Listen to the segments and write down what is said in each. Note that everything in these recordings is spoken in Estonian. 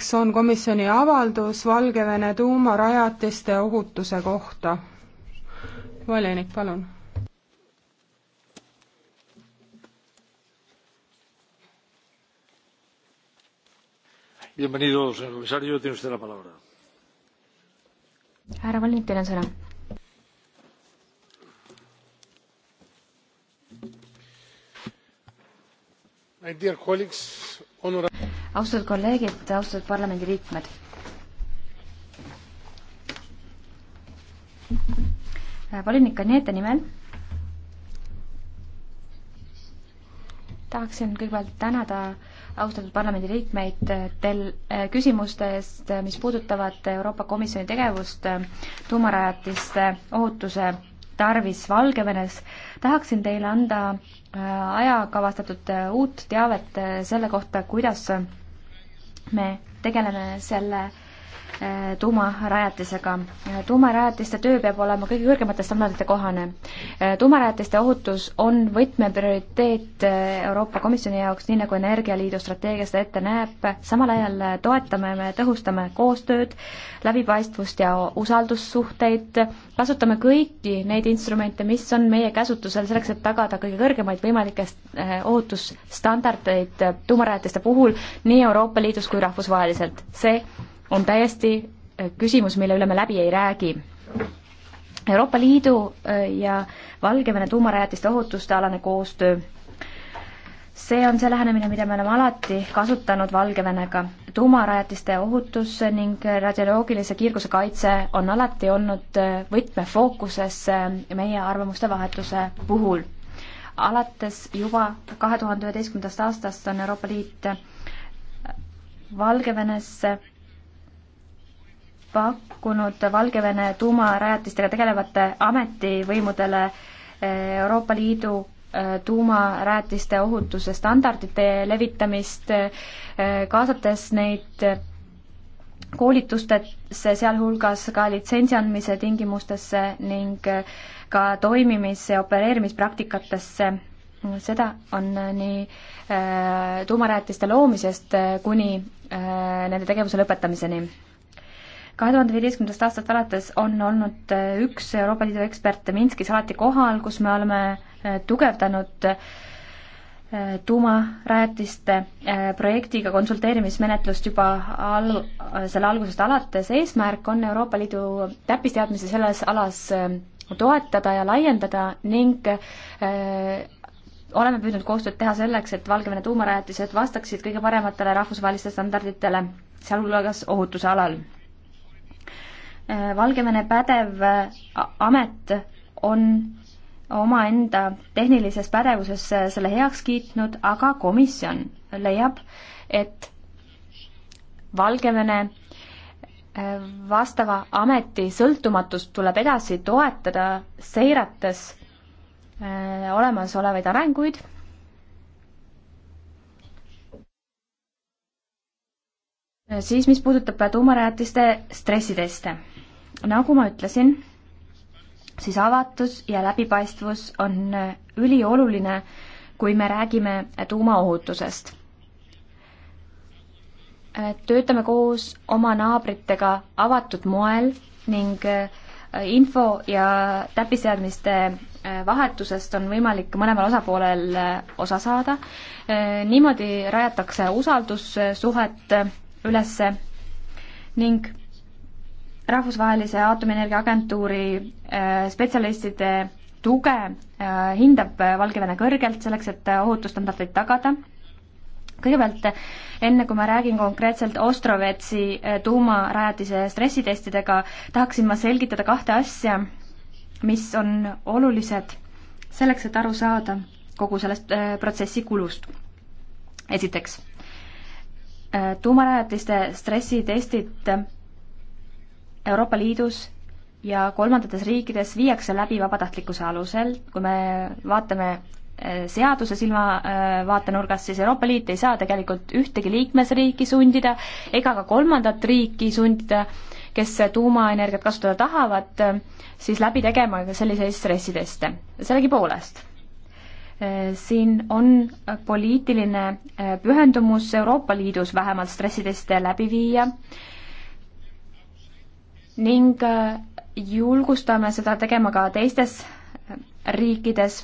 kaks on komisjoni avaldus Valgevene tuumarajatiste ohutuse kohta. volinik, palun. härra volinik, teil on sõna. My dear colleagues, honourable austatud kolleegid, austatud parlamendiliikmed. volinik Anette nimel tahaksin kõigepealt tänada austatud parlamendiliikmeid teil eh, küsimuste eest, mis puudutavad Euroopa Komisjoni tegevust tuumarajatiste ohutuse tarvis Valgevenes. tahaksin teile anda eh, ajakavastatud eh, uut teavet selle kohta, kuidas me tegeleme selle tuumarajatisega. tuumarajatiste töö peab olema kõige kõrgemate standardite kohane. tuumarajatiste ohutus on võtmeprioriteet Euroopa Komisjoni jaoks, nii nagu Energialiidu strateegia seda ette näeb, samal ajal toetame me, tõhustame koostööd, läbipaistvust ja usaldussuhteid, kasutame kõiki neid instrumente, mis on meie käsutusel selleks, et tagada kõige kõrgemaid võimalikke ohutusstandardeid tuumarajatiste puhul nii Euroopa Liidus kui rahvusvaheliselt. see on täiesti äh, küsimus, mille üle me läbi ei räägi. Euroopa Liidu äh, ja Valgevene tuumarajatiste ohutuste alane koostöö. see on see lähenemine, mida me oleme alati kasutanud Valgevenega. tuumarajatiste ohutus ning radioloogilise kiirguse kaitse on alati olnud äh, võtmefookuses meie arvamuste vahetuse puhul. alates juba kahe tuhande üheteistkümnendast aastast on Euroopa Liit Valgevenesse pakkunud Valgevene tuumarajatistega tegelevate ametivõimudele eh, Euroopa Liidu eh, tuumarajatiste ohutuse standardite levitamist, eh, kaasates neid koolitustesse, sealhulgas ka litsentsi andmise tingimustesse ning ka toimimis- ja opereerimispraktikatesse. seda on nii tuumarajatiste loomisest kuni nende tegevuse lõpetamiseni kahe tuhande viieteistkümnendast aastast alates on olnud eh, üks Euroopa Liidu ekspert Minskis alati kohal, kus me oleme eh, tugevdanud eh, tuumarajatiste projektiga konsulteerimismenetlust juba al-, selle algusest alates, eesmärk on Euroopa Liidu täppisteadmisi selles alas toetada ja laiendada ning öö, oleme püüdnud koostööd teha selleks, et Valgevene tuumarajatised vastaksid kõige parematele rahvusvahelistele standarditele, sealhulgas ohutuse alal Äh, Valgevene pädev äh, amet on omaenda tehnilises pädevuses äh, selle heaks kiitnud, aga komisjon leiab, et Valgevene vastava ameti sõltumatust tuleb edasi toetada, seirates olemasolevaid arenguid siis mis puudutab tuumarajatiste stressiteste nagu ma ütlesin, siis avatus ja läbipaistvus on ülioluline, kui me räägime tuumaohutusest. töötame koos oma naabritega avatud moel ning äh, info ja täppisteadmiste äh, vahetusest on võimalik mõlemal osapoolel äh, osa saada. niimoodi rajatakse usaldussuhet ülesse ning rahvusvahelise aatomienergia agentuuri äh, spetsialistide tuge äh, hindab äh, Valgevene kõrgelt selleks, et ohutusstandardeid tagada. kõigepealt, enne kui ma räägin konkreetselt Ostrovetsi tuumarajatise stressitestidega, tahaksin ma selgitada kahte asja, mis on olulised selleks, et aru saada kogu sellest protsessi kulust. esiteks, tuumarajatiste stressitestid Euroopa Liidus ja kolmandates riikides viiakse läbi vabatahtlikkuse alusel, kui me vaatame eh, seaduse silma eh, vaatenurgast, siis Euroopa Liit ei saa tegelikult ühtegi liikmesriiki sundida ega ka kolmandat riiki sundida, kes tuumaenergiat kasutada tahavad, eh, siis läbi tegema selliseid stressiteste. sellegipoolest, siin on poliitiline pühendumus Euroopa Liidus vähemalt stressiteste läbi viia ning äh, julgustame seda tegema ka teistes äh, riikides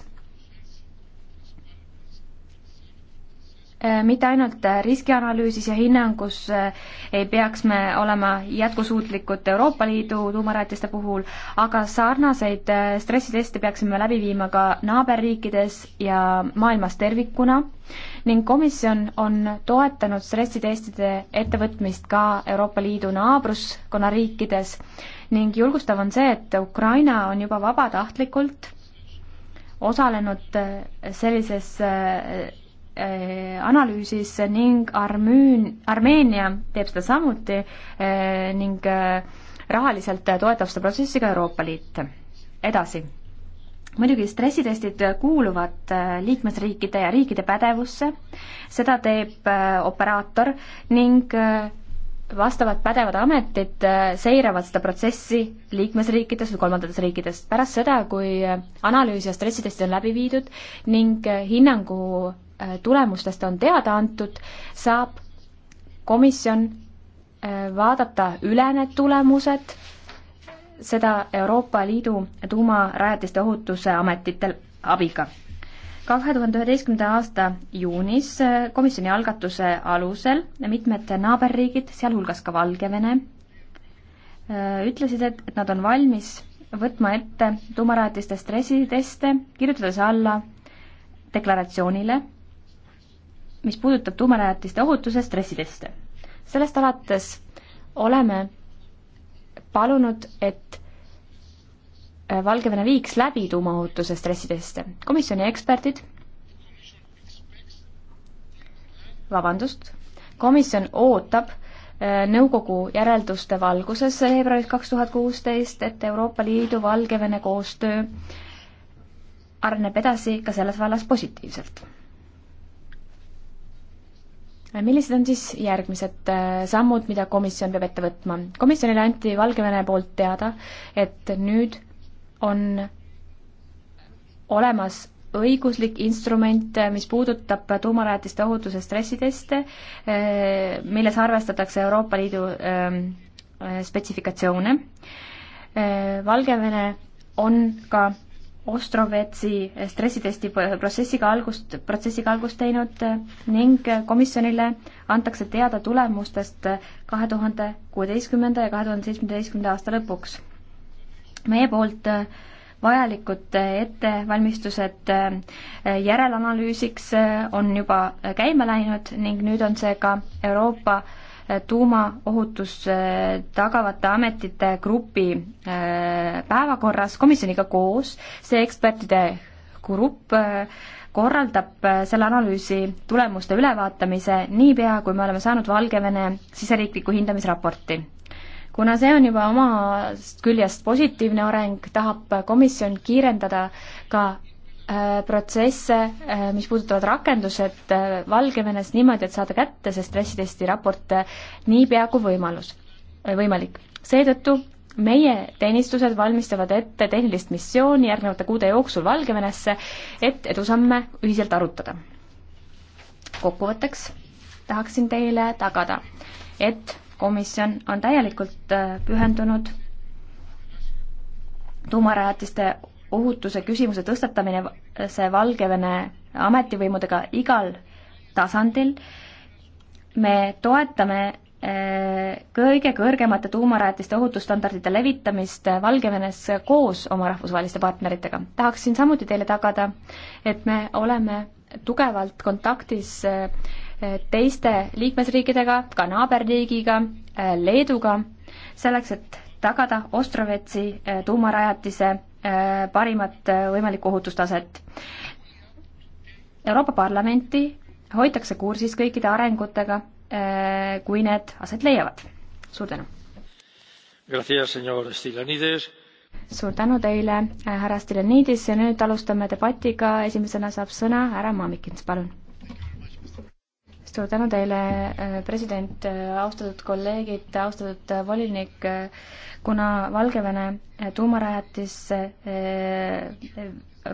Äh, mitte ainult äh, riskianalüüsis ja hinnangus äh, ei peaks me olema jätkusuutlikud Euroopa Liidu tuumarajatiste puhul, aga sarnaseid stressiteste peaksime läbi viima ka naaberriikides ja maailmas tervikuna ning komisjon on toetanud stressitestide ettevõtmist ka Euroopa Liidu naabruskonna riikides ning julgustav on see, et Ukraina on juba vabatahtlikult osalenud sellises Äh, analüüsis ning Armüün, Armeenia teeb seda samuti äh, ning äh, rahaliselt toetab seda protsessi ka Euroopa Liit. edasi. muidugi stressitestid kuuluvad liikmesriikide ja riikide pädevusse, seda teeb operaator ning vastavad pädevad ametid seiravad seda protsessi liikmesriikides või kolmandates riikides pärast seda, kui analüüs ja stressitestid on läbi viidud ning hinnangu Äh, tulemustest on teada antud, saab komisjon äh, vaadata üle need tulemused, seda Euroopa Liidu tuumarajatiste ohutuse ametitel abiga. kahe tuhande üheteistkümnenda aasta juunis äh, komisjoni algatuse alusel mitmed naaberriigid, sealhulgas ka Valgevene, ütlesid, et, et nad on valmis võtma ette tuumarajatiste stressiteste, kirjutades alla deklaratsioonile mis puudutab tuumarajatiste ohutuse stressiteste. sellest alates oleme palunud, et äh, Valgevene viiks läbi tuumaohutuse stressiteste. komisjoni eksperdid, vabandust, komisjon ootab äh, nõukogu järelduste valguses veebruaris kaks tuhat kuusteist, et Euroopa Liidu Valgevene koostöö areneb edasi ka selles vallas positiivselt millised on siis järgmised äh, sammud, mida komisjon peab ette võtma? komisjonile anti Valgevene poolt teada, et nüüd on olemas õiguslik instrument, äh, mis puudutab tuumarajatiste ohutuse stressiteste, äh, milles arvestatakse Euroopa Liidu ähm, spetsifikatsioone. Valgevene on ka Ostrovetsi stressitesti protsessiga algust, protsessiga algust teinud eh, ning komisjonile antakse teada tulemustest kahe tuhande kuueteistkümnenda ja kahe tuhande seitsmeteistkümnenda aasta lõpuks. meie poolt eh, vajalikud eh, ettevalmistused järelanalüüsiks on juba käima läinud ning nüüd on see ka Euroopa tuumaohutust äh, tagavate ametite grupi äh, päevakorras komisjoniga koos. see ekspertide grupp äh, korraldab selle analüüsi tulemuste ülevaatamise niipea, kui me oleme saanud Valgevene siseriikliku hindamisraporti. kuna see on juba omast küljest positiivne areng, tahab komisjon kiirendada ka Äh, protsesse, äh, mis puudutavad rakendused äh, Valgevenes niimoodi, et saada kätte see stressitesti raport niipea kui võimalus, võimalik. seetõttu meie teenistused valmistavad ette tehnilist missiooni järgnevate kuude jooksul Valgevenesse, et edusamme ühiselt arutada. kokkuvõtteks tahaksin teile tagada, et komisjon on täielikult pühendunud tuumarajatiste ohutuse küsimuse tõstatamine see Valgevene ametivõimudega igal tasandil. me toetame äh, kõige kõrgemate tuumarajatiste ohutusstandardite levitamist Valgevenes koos oma rahvusvaheliste partneritega. tahaksin samuti teile tagada, et me oleme tugevalt kontaktis äh, teiste liikmesriikidega, ka naaberriigiga, äh, Leeduga, selleks et tagada Ostrovetsi tuumarajatise Äh, parimat äh, võimalikku ohutustaset. Euroopa Parlamenti hoitakse kursis kõikide arengutega, äh, kui need aset leiavad. suur tänu! suur tänu teile, härra Stiljanidis ja nüüd alustame debatiga, esimesena saab sõna härra Mamikins, palun suur tänu teile, äh, president, äh, austatud kolleegid, austatud äh, volinik. kuna Valgevene tuumarajatis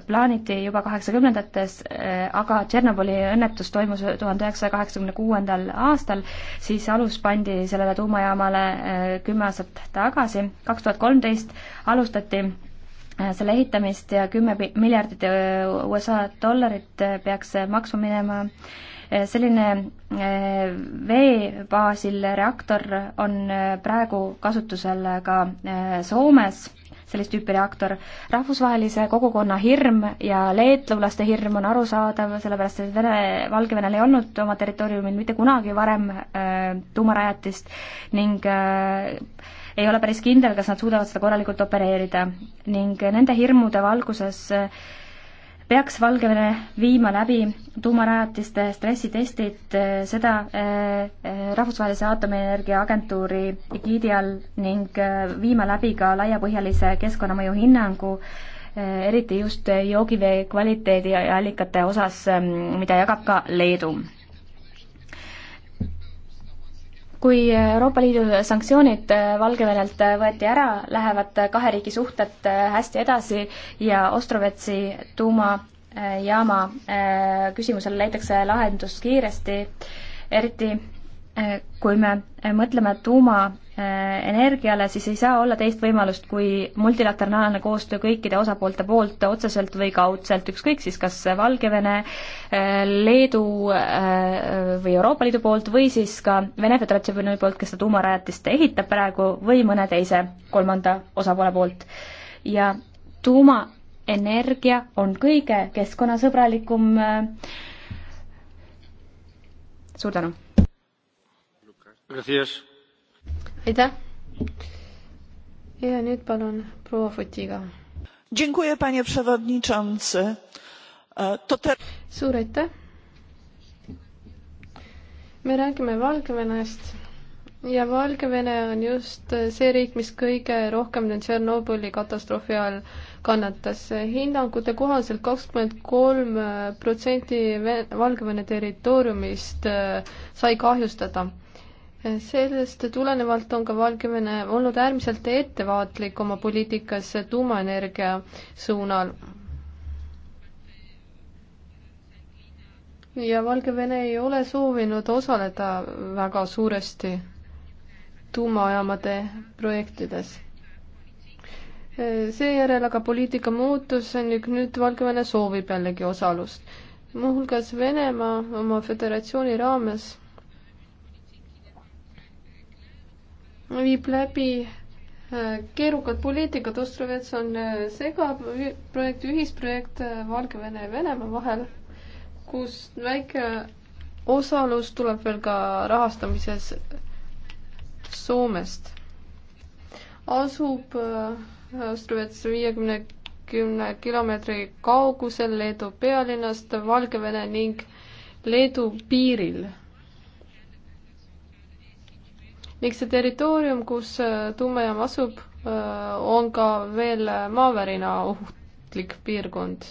plaaniti juba kaheksakümnendates, aga Tšernobõli õnnetus toimus tuhande üheksasaja kaheksakümne kuuendal aastal, siis alus pandi sellele tuumajaamale kümme aastat tagasi. kaks tuhat kolmteist alustati selle ehitamist ja kümme miljardit USA dollarit peaks maksma minema äh, selline eh, vee baasil reaktor on eh, praegu kasutusel ka eh, Soomes, sellist tüüpi reaktor. rahvusvahelise kogukonna hirm ja leetlulaste hirm on arusaadav, sellepärast et Vene, Valgevenel ei olnud oma territooriumil mitte kunagi varem tuumarajatist ning äh, ei ole päris kindel, kas nad suudavad seda korralikult opereerida ning nende hirmude valguses äh, peaks Valgevene viima läbi tuumarajatiste stressitestid, eh, seda eh, eh, Rahvusvahelise Aatomienergia Agentuuri egiidi all ning viima läbi ka laiapõhjalise keskkonnamõju hinnangu, eriti just joogivee kvaliteedi ja allikate osas, mm, mida jagab ka Leedu kui Euroopa Liidu sanktsioonid äh, Valgevenelt äh, võeti ära, lähevad äh, kahe riigi suhted hästi edasi ja Ostrovetsi tuumajaama küsimusele leitakse lahendus kiiresti, eriti Eh, kui me eh, mõtleme tuumaenergiale, eh, siis ei saa olla teist võimalust kui multilateraalne koostöö kõikide osapoolte poolt otseselt või kaudselt, ükskõik siis kas Valgevene, Leedu või Euroopa Liidu poolt või siis ka Vene Föderatsiooni poolt, kes seda tuumarajatist ehitab praegu, või mõne teise kolmanda osapoole poolt. ja tuumaenergia on kõige keskkonnasõbralikum suur tänu! aitäh. ja nüüd palun proua Fotiga. E, suur aitäh. me räägime Valgevenest ja Valgevene on just see riik, mis kõige rohkem Tšernobõli katastroofi all kannatas. hinnangute kohaselt kakskümmend kolm protsenti Valgevene territooriumist äh, sai kahjustada sellest tulenevalt on ka Valgevene olnud äärmiselt ettevaatlik oma poliitikas tuumaenergia suunal. ja Valgevene ei ole soovinud osaleda väga suuresti tuumajaamade projektides. seejärel aga poliitika muutus ning nüüd Valgevene soovib jällegi osalust. muuhulgas Venemaa oma föderatsiooni raames viib läbi äh, keerukad poliitikad, Ostrovets on äh, segaprojekt, ühisprojekt äh, Valgevene ja Venemaa vahel, kus väike osalus tuleb veel ka rahastamises Soomest. asub Ostrovets viiekümne, kümne kilomeetri kaugusel Leedu pealinnast, Valgevene ning Leedu piiril ning see territoorium, kus äh, tuumajaam asub, äh, on ka veel äh, maavärina ohtlik piirkond.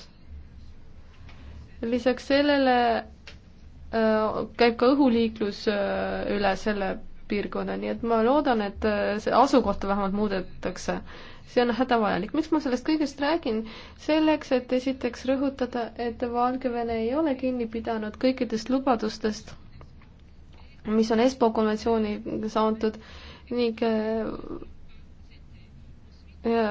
lisaks sellele käib ka õhuliiklus üle selle piirkonna, nii et ma loodan, et see asukohta vähemalt muudetakse. see on hädavajalik. miks ma sellest kõigest räägin? selleks, et esiteks rõhutada, et Valgevene ei ole kinni pidanud kõikidest lubadustest mis on Espoo konventsiooni saantud ning äh,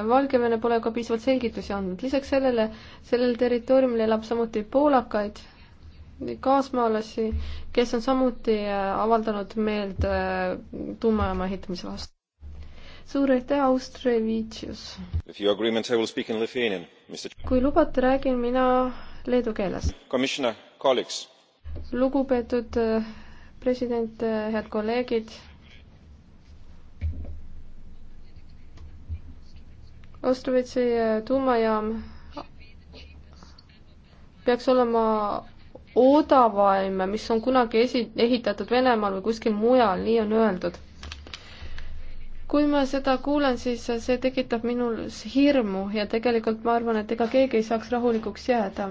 Valgevene pole ka piisavalt selgitusi andnud. lisaks sellele, sellel territooriumil elab samuti poolakaid, kaasmaalasi, kes on samuti äh, avaldanud meelt äh, tuumajaama ehitamise vastu. suur aitäh, Austrevitšius! kui lubate, räägin mina leedu keeles. lugupeetud president, head kolleegid. Ostrovitsi eh, tuumajaam peaks olema odavaim, mis on kunagi esi-, ehitatud Venemaal või kuskil mujal, nii on öeldud. kui ma seda kuulen, siis see tekitab minus hirmu ja tegelikult ma arvan, et ega keegi ei saaks rahulikuks jääda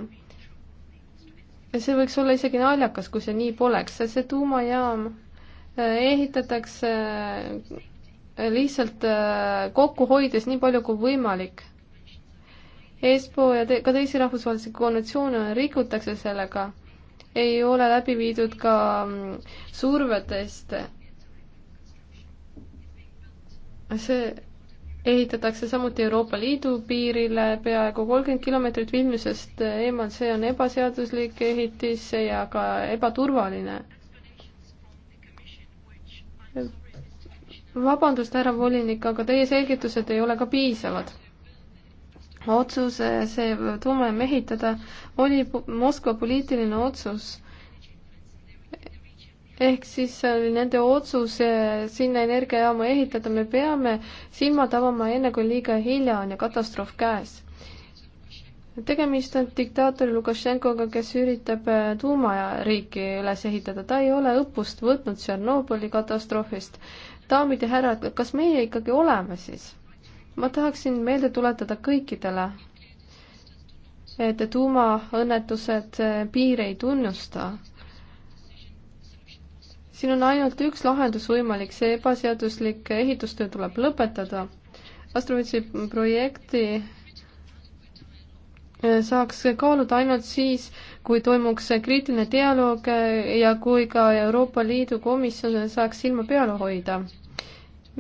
ja see võiks olla isegi naljakas, kui see nii poleks, see tuumajaam äh, ehitatakse äh, lihtsalt äh, kokku hoides nii palju kui võimalik. ESPO ja te, ka teisi rahvusvahelisi konventsioone rikutakse sellega, ei ole läbi viidud ka mm, surveteste. see ehitatakse samuti Euroopa Liidu piirile peaaegu kolmkümmend kilomeetrit Vilniusest eemal, see on ebaseaduslik ehitis ja ka ebaturvaline. vabandust, härra volinik, aga teie selgitused ei ole ka piisavad. otsus see tuumajaam ehitada oli Moskva poliitiline otsus ehk siis nende otsus sinna energiajaama ehitada, me peame silmad avama enne, kui liiga hilja on ja katastroof käes. tegemist on diktaator Lukašenkoga, kes üritab äh, tuumariiki üles ehitada, ta ei ole õppust võtnud Tšernobõli katastroofist. daamid ja härrad, kas meie ikkagi oleme siis? ma tahaksin meelde tuletada kõikidele, et tuumaõnnetused äh, piire ei tunnusta siin on ainult üks lahendus võimalik, see ebaseaduslik ehitustöö tuleb lõpetada. Astrovitsi projekti äh, saaks kaaluda ainult siis, kui toimuks kriitiline dialoog äh, ja kui ka Euroopa Liidu komisjon saaks silma peal hoida.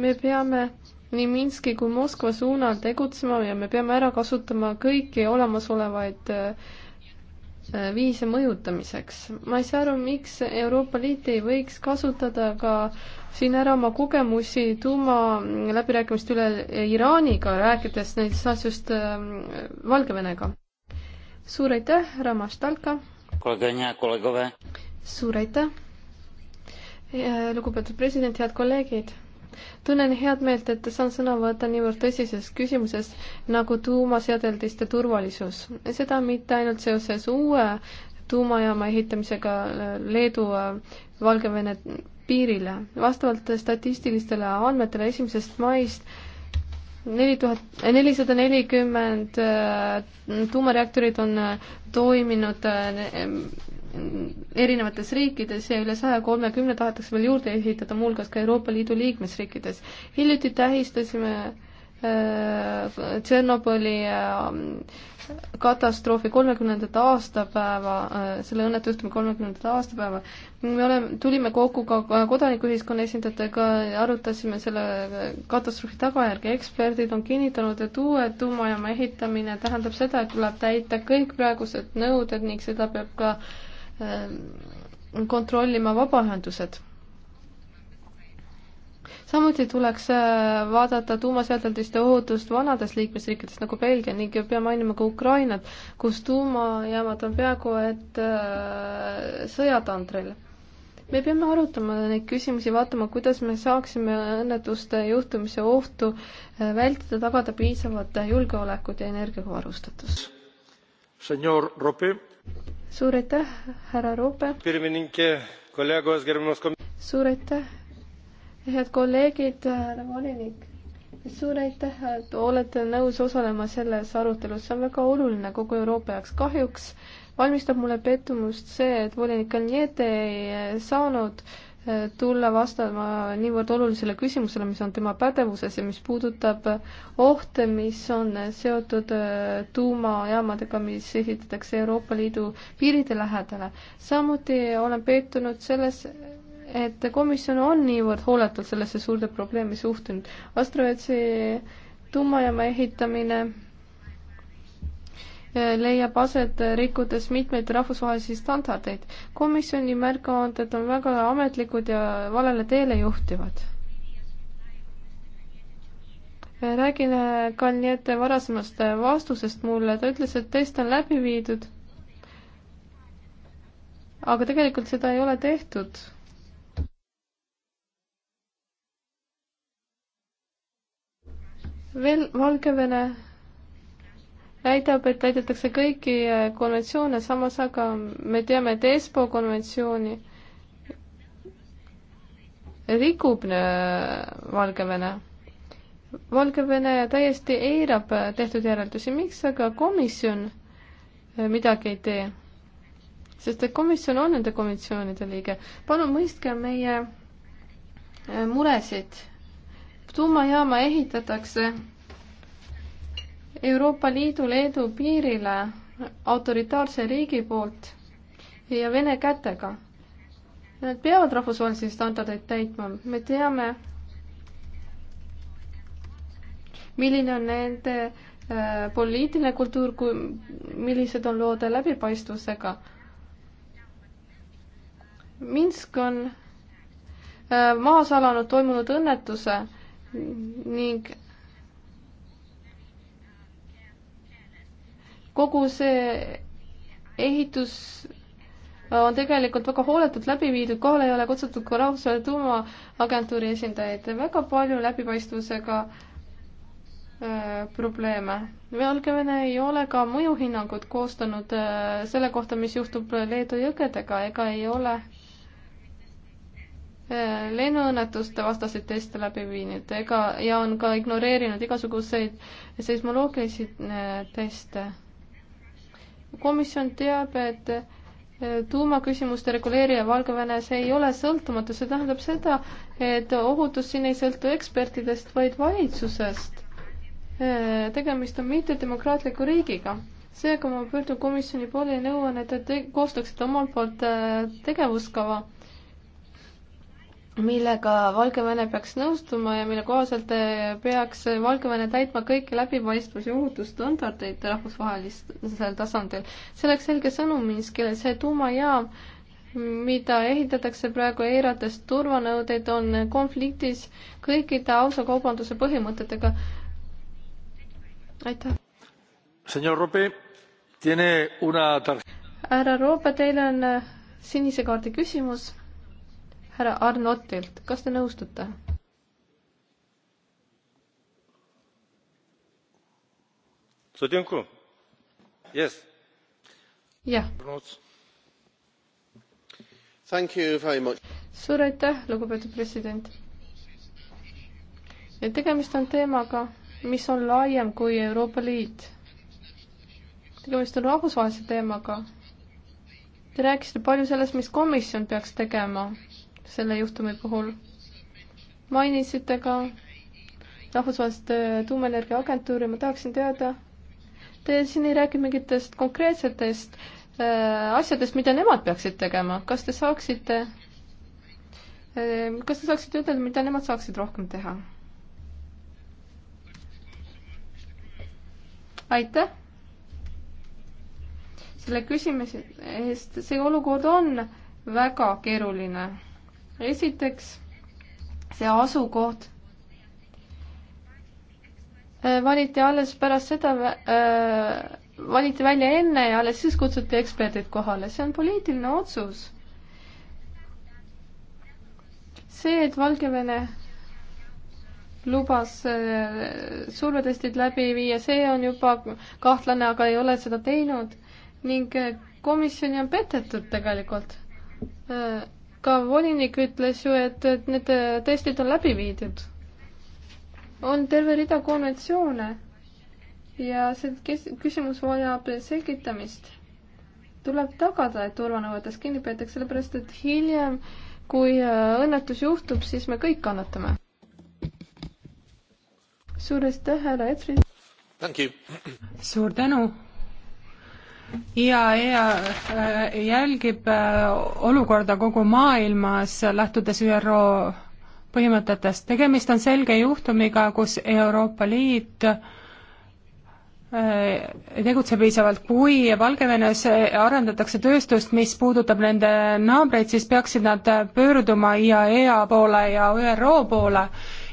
me peame nii Minski kui Moskva suunal tegutsema ja me peame ära kasutama kõiki olemasolevaid äh, Äh, viise mõjutamiseks. ma ei saa aru, miks Euroopa Liit ei võiks kasutada ka siin ära oma kogemusi tuumaläbirääkimiste üle Iraaniga, rääkides näiteks asjust ähm, Valgevenega. suur aitäh, härra Maštalka! suur aitäh! Äh, lugupeetud president, head kolleegid! tunnen head meelt, et saan sõna võtta niivõrd tõsises küsimuses nagu tuumaseadeldiste turvalisus. seda mitte ainult seoses uue tuumajaama ehitamisega Leedu äh, Valgevene piirile. vastavalt statistilistele andmetele esimesest maist neli tuhat, äh, nelisada nelikümmend äh, tuumareaktorit on toiminud erinevates riikides ja üle saja kolmekümne tahetakse veel juurde ehitada, muuhulgas ka Euroopa Liidu liikmesriikides. hiljuti tähistasime äh, Tšernobõli äh, katastroofi kolmekümnendat aastapäeva, äh, selle õnnetusjuhtumi kolmekümnendat aastapäeva. me oleme, tulime kokku ka kodanikuühiskonna esindajatega ja arutasime selle katastroofi tagajärgi. eksperdid on kinnitanud, et uue tuumajaama ehitamine tähendab seda, et tuleb täita kõik praegused nõuded ning seda peab ka äh, Ehm, kontrollima vabaühendused. samuti tuleks äh, vaadata tuumaseadeldiste ohutust vanades liikmesriikides nagu Belgia ning pea mainima ka Ukrainat, kus tuumajaamad on peaaegu et äh, sõjatandril me peame arutama neid küsimusi, vaatama, kuidas me saaksime õnnetuste juhtumise ohtu äh, vältida, tagada piisavat julgeolekut ja energiaga varustatus. senor Rope suur aitäh, härra Roope. suur aitäh, head kolleegid, härra volinik. suur aitäh, et olete nõus osalema selles arutelus, see on väga oluline kogu Euroopa jaoks. kahjuks valmistab mulle pettumust see, et volinik Alniete ei saanud äh, tulla vastama niivõrd olulisele küsimusele, mis on tema pädevuses ja mis puudutab ohte, mis on seotud äh, tuumajaamadega, mis ehitatakse Euroopa Liidu piiride lähedale. samuti olen peetunud selles, et komisjon on niivõrd hooletult sellesse suurde probleemi suhtunud. Astrovetsi tuumajaama ehitamine leiab aset, rikkudes mitmeid rahvusvahelisi standardeid. komisjoni märkavanded on väga ametlikud ja valele teele juhtivad. räägin Kalniete varasemast vastusest mulle, ta ütles, et test on läbi viidud, aga tegelikult seda ei ole tehtud veel Valgevene väidab, et täidetakse kõiki äh, konventsioone, samas aga me teame, et ESPO konventsiooni rikub äh, Valgevene. Valgevene täiesti eirab äh, tehtud järeldusi, miks aga komisjon midagi ei tee? sest et komisjon on nende konventsioonide liige. palun mõistke meie muresid. tuumajaama ehitatakse Euroopa Liidu-Leedu piirile autoritaarse riigi poolt ja Vene kätega. Nad peavad rahvusvahelisi standardeid täitma, me teame, milline on nende äh, poliitiline kultuur, kui, millised on lood läbipaistvusega. Minsk on äh, maas alanud toimunud õnnetuse ning kogu see ehitus äh, on tegelikult väga hooletult läbi viidud, kohale ei ole kutsutud ka rahvusvahelise tuumaagentuuri esindajaid, väga palju läbipaistvusega äh, probleeme. Valgevene ei ole ka mõjuhinnangut koostanud äh, selle kohta, mis juhtub Leedu jõgedega, ega ei ole äh, lennuõnnetuste vastaseid teste läbi viinud ega, ja on ka ignoreerinud igasuguseid seismoloogilisi äh, teste komisjon teab, et eh, tuumaküsimuste reguleerija Valgevenes ei ole sõltumatu, see tähendab seda, et ohutus siin ei sõltu ekspertidest, vaid valitsusest. Eh, tegemist on mittedemokraatliku riigiga. seega ma pöördun komisjoni poole ja nõuan, et te koostaksite omalt poolt eh, tegevuskava millega Valgevene peaks nõustuma ja mille kohaselt peaks Valgevene täitma kõiki läbipaistvus- ja ohutusstandardeid rahvusvahelisel tasandil. see oleks selge sõnum Minskile, see tuumajaam, mida ehitatakse praegu eirates turvanõudeid, on konfliktis kõikide ausa kaubanduse põhimõtetega. aitäh. härra Roope, teil on sinise kaardi küsimus härra Arnotilt, kas te nõustute? jah. suur aitäh, lugupeetud president. ja tegemist on teemaga, mis on laiem kui Euroopa Liit. tegemist on rahvusvahelise teemaga Te rääkisite palju sellest, mis komisjon peaks tegema selle juhtumi puhul. mainisite ka rahvusvahelist äh, tuumaenergia agentuuri, ma tahaksin teada, te siin ei rääkinud mingitest konkreetsetest äh, asjadest, mida nemad peaksid tegema, kas te saaksite äh,, kas te saaksite ütelda, mida nemad saaksid rohkem teha? aitäh selle küsimuse eest, see olukord on väga keeruline esiteks, see asukoht äh, valiti alles pärast seda, äh, valiti välja enne ja alles siis kutsuti eksperdid kohale, see on poliitiline otsus. see, et Valgevene lubas äh, survetestid läbi viia, see on juba kahtlane, aga ei ole seda teinud ning komisjoni on petetud tegelikult ka volinik ütles ju, et, et need testid on läbi viidud. on terve rida konventsioone ja see kes-, küsimus vajab selgitamist. tuleb tagada, et turvanõuetest kinni peetakse, sellepärast et hiljem, kui äh, õnnetus juhtub, siis me kõik kannatame. suur aitäh, härra Etri! suur tänu! IAEA äh, jälgib äh, olukorda kogu maailmas, lähtudes ÜRO põhimõtetest. tegemist on selge juhtumiga, kus Euroopa Liit ei äh, tegutse piisavalt. kui Valgevenes arendatakse tööstust, mis puudutab nende naabreid, siis peaksid nad pöörduma IAEA poole ja ÜRO poole.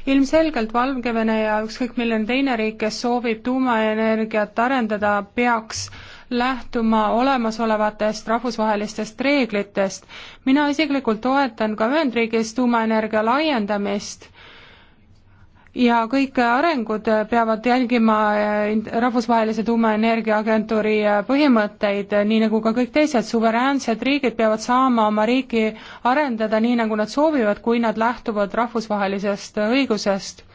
ilmselgelt Valgevene ja ükskõik milline teine riik, kes soovib tuumaenergiat arendada, peaks äh, lähtuma olemasolevatest rahvusvahelistest reeglitest. mina isiklikult toetan ka Ühendriigis tuumaenergia laiendamist ja kõik arengud peavad jälgima eh, Rahvusvahelise Tuumaenergia Agentuuri eh, põhimõtteid, eh, nii nagu ka kõik teised suveräänsed riigid peavad saama oma riiki arendada nii, nagu nad soovivad, kui nad lähtuvad rahvusvahelisest õigusest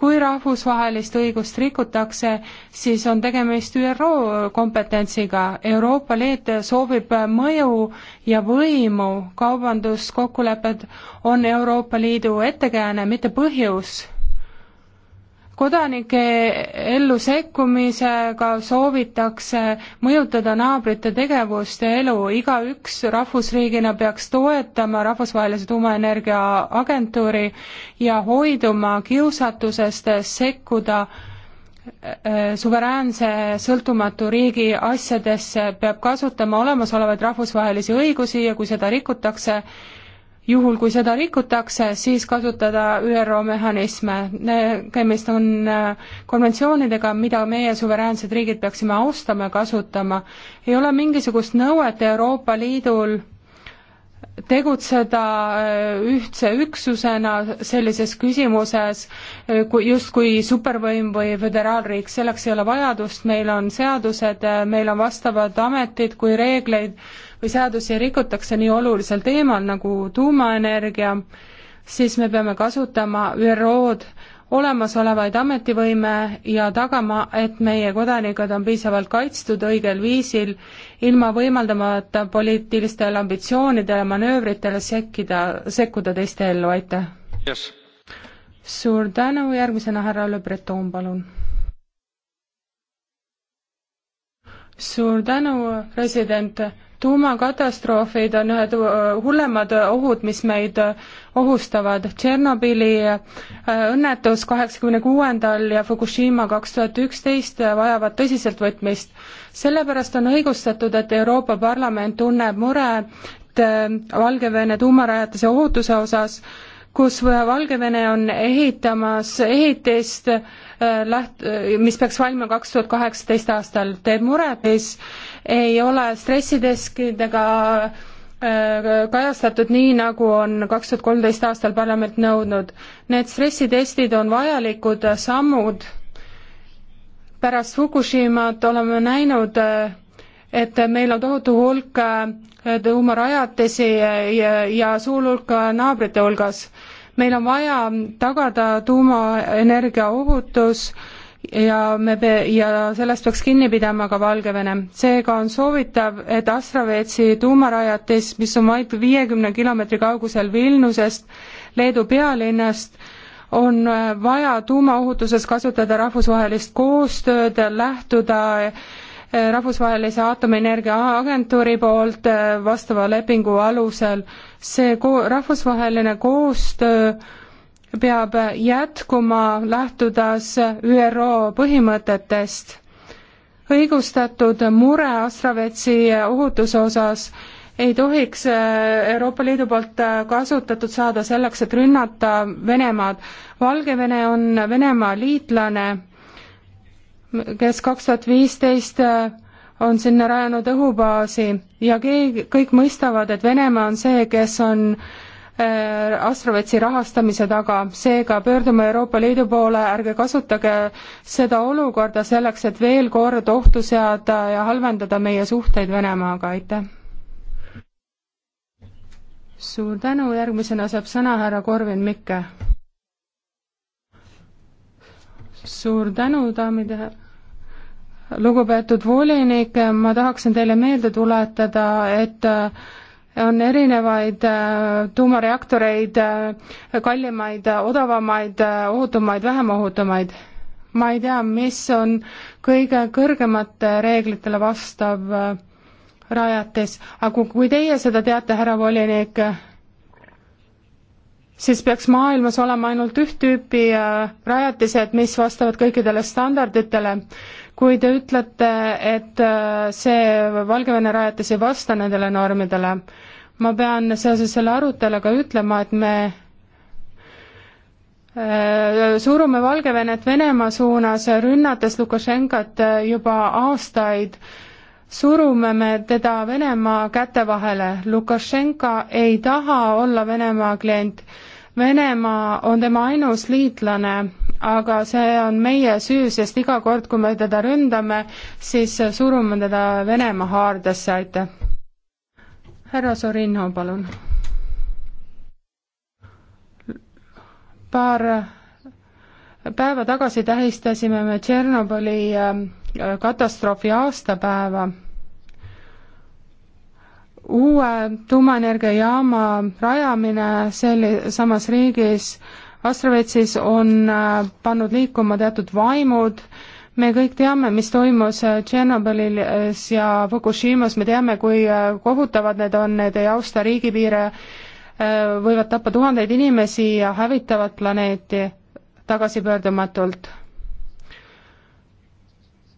kui rahvusvahelist õigust rikutakse, siis on tegemist ÜRO kompetentsiga. Euroopa Liit soovib mõju ja võimu, kaubanduskokkulepped on Euroopa Liidu ettekääne, mitte põhjus kodanike ellu sekkumisega soovitakse mõjutada naabrite tegevust ja elu, igaüks rahvusriigina peaks toetama Rahvusvahelise Tuumaenergia Agentuuri ja hoiduma kiusatusest sekkuda äh, suveräänse sõltumatu riigi asjadesse, peab kasutama olemasolevaid rahvusvahelisi õigusi ja kui seda rikutakse, juhul, kui seda rikutakse, siis kasutada ÜRO mehhanisme. tegemist on äh, konventsioonidega, mida meie suveräänsed riigid peaksime austama ja kasutama. ei ole mingisugust nõuet Euroopa Liidul tegutseda äh, ühtse üksusena sellises küsimuses, äh, kui justkui supervõim või föderaalriik, selleks ei ole vajadust, meil on seadused, meil on vastavad ametid, kui reegleid või seadusi rikutakse nii olulisel teemal nagu tuumaenergia, siis me peame kasutama ÜRO-d olemasolevaid ametivõime ja tagama, et meie kodanikud on piisavalt kaitstud õigel viisil, ilma võimaldamata poliitilistele ambitsioonidele, manöövritele sekkida, sekkuda teiste ellu, aitäh yes.! suur tänu, järgmisena härra Le Breton, palun. suur tänu, president tuumakatastroofid on ühed äh, hullemad ohud, mis meid äh, ohustavad. Tšernobõli äh, õnnetus kaheksakümne kuuendal ja Fukushima kaks tuhat üksteist vajavad tõsiseltvõtmist. sellepärast on õigustatud, et Euroopa Parlament tunneb muret Valgevene tuumarajatise ohutuse osas kus Valgevene on ehitamas ehitist äh, läht-, mis peaks valmima kaks tuhat kaheksateist aastal, teeb muret, mis ei ole stressiteskidega äh, kajastatud nii, nagu on kaks tuhat kolmteist aastal parlament nõudnud. Need stressitestid on vajalikud sammud, pärast Fukushimat oleme näinud, äh, et meil on tohutu hulk tuumarajatisi ja, ja suur hulk naabrite hulgas. meil on vaja tagada tuumaenergia ohutus ja me pe-, ja sellest peaks kinni pidama ka Valgevene. seega on soovitav, et Astravetsi tuumarajatis, mis on vaid viiekümne kilomeetri kaugusel Vilniusest, Leedu pealinnast, on vaja tuumaohutuses kasutada rahvusvahelist koostööd, lähtuda Äh, rahvusvahelise aatomienergia agentuuri poolt äh, vastava lepingu alusel. see ko-, rahvusvaheline koostöö peab jätkuma, lähtudes ÜRO põhimõtetest. õigustatud mure Astravetsi ohutuse osas ei tohiks äh, Euroopa Liidu poolt kasutatud saada selleks, et rünnata Venemaad. Valgevene on Venemaa liitlane kes kaks tuhat viisteist äh, on sinna rajanud õhubaasi ja keegi, kõik mõistavad, et Venemaa on see, kes on äh, Astrovetsi rahastamise taga, seega pöördume Euroopa Liidu poole, ärge kasutage seda olukorda selleks, et veel kord ohtu seada ja halvendada meie suhteid Venemaaga, aitäh! suur tänu, järgmisena saab sõna härra Korvin Mikke. suur tänu, daamid ja härrad! lugupeetud volinik, ma tahaksin teile meelde tuletada, et äh, on erinevaid äh, tuumareaktoreid, äh, kallimaid, odavamaid, ohutumaid, vähem ohutumaid. ma ei tea, mis on kõige kõrgemate reeglitele vastav rajatis, aga kui teie seda teate, härra volinik, siis peaks maailmas olema ainult üht tüüpi rajatised, mis vastavad kõikidele standarditele kui te ütlete, et äh, see Valgevene rajatis ei vasta nendele normidele, ma pean seoses selle aruteluga ütlema, et me äh, surume Valgevenet Venemaa suunas, rünnates Lukašenkat äh, juba aastaid, surume me teda Venemaa käte vahele. Lukašenka ei taha olla Venemaa klient Venemaa on tema ainus liitlane, aga see on meie süü, sest iga kord, kui me teda ründame, siis surume teda Venemaa haardesse, aitäh. härra Sorinno, palun. paar päeva tagasi tähistasime me Tšernobõli ähm, katastroofi aastapäeva uue tuumaenergiajaama rajamine selli-, samas riigis, Astrovetsis on äh, pannud liikuma teatud vaimud, me kõik teame, mis toimus äh, Tšernobõlis äh, ja Fukushimas, me teame, kui kohutavad need on, need ei austa riigipiire, võivad tappa tuhandeid inimesi ja hävitavad planeeti tagasipöördumatult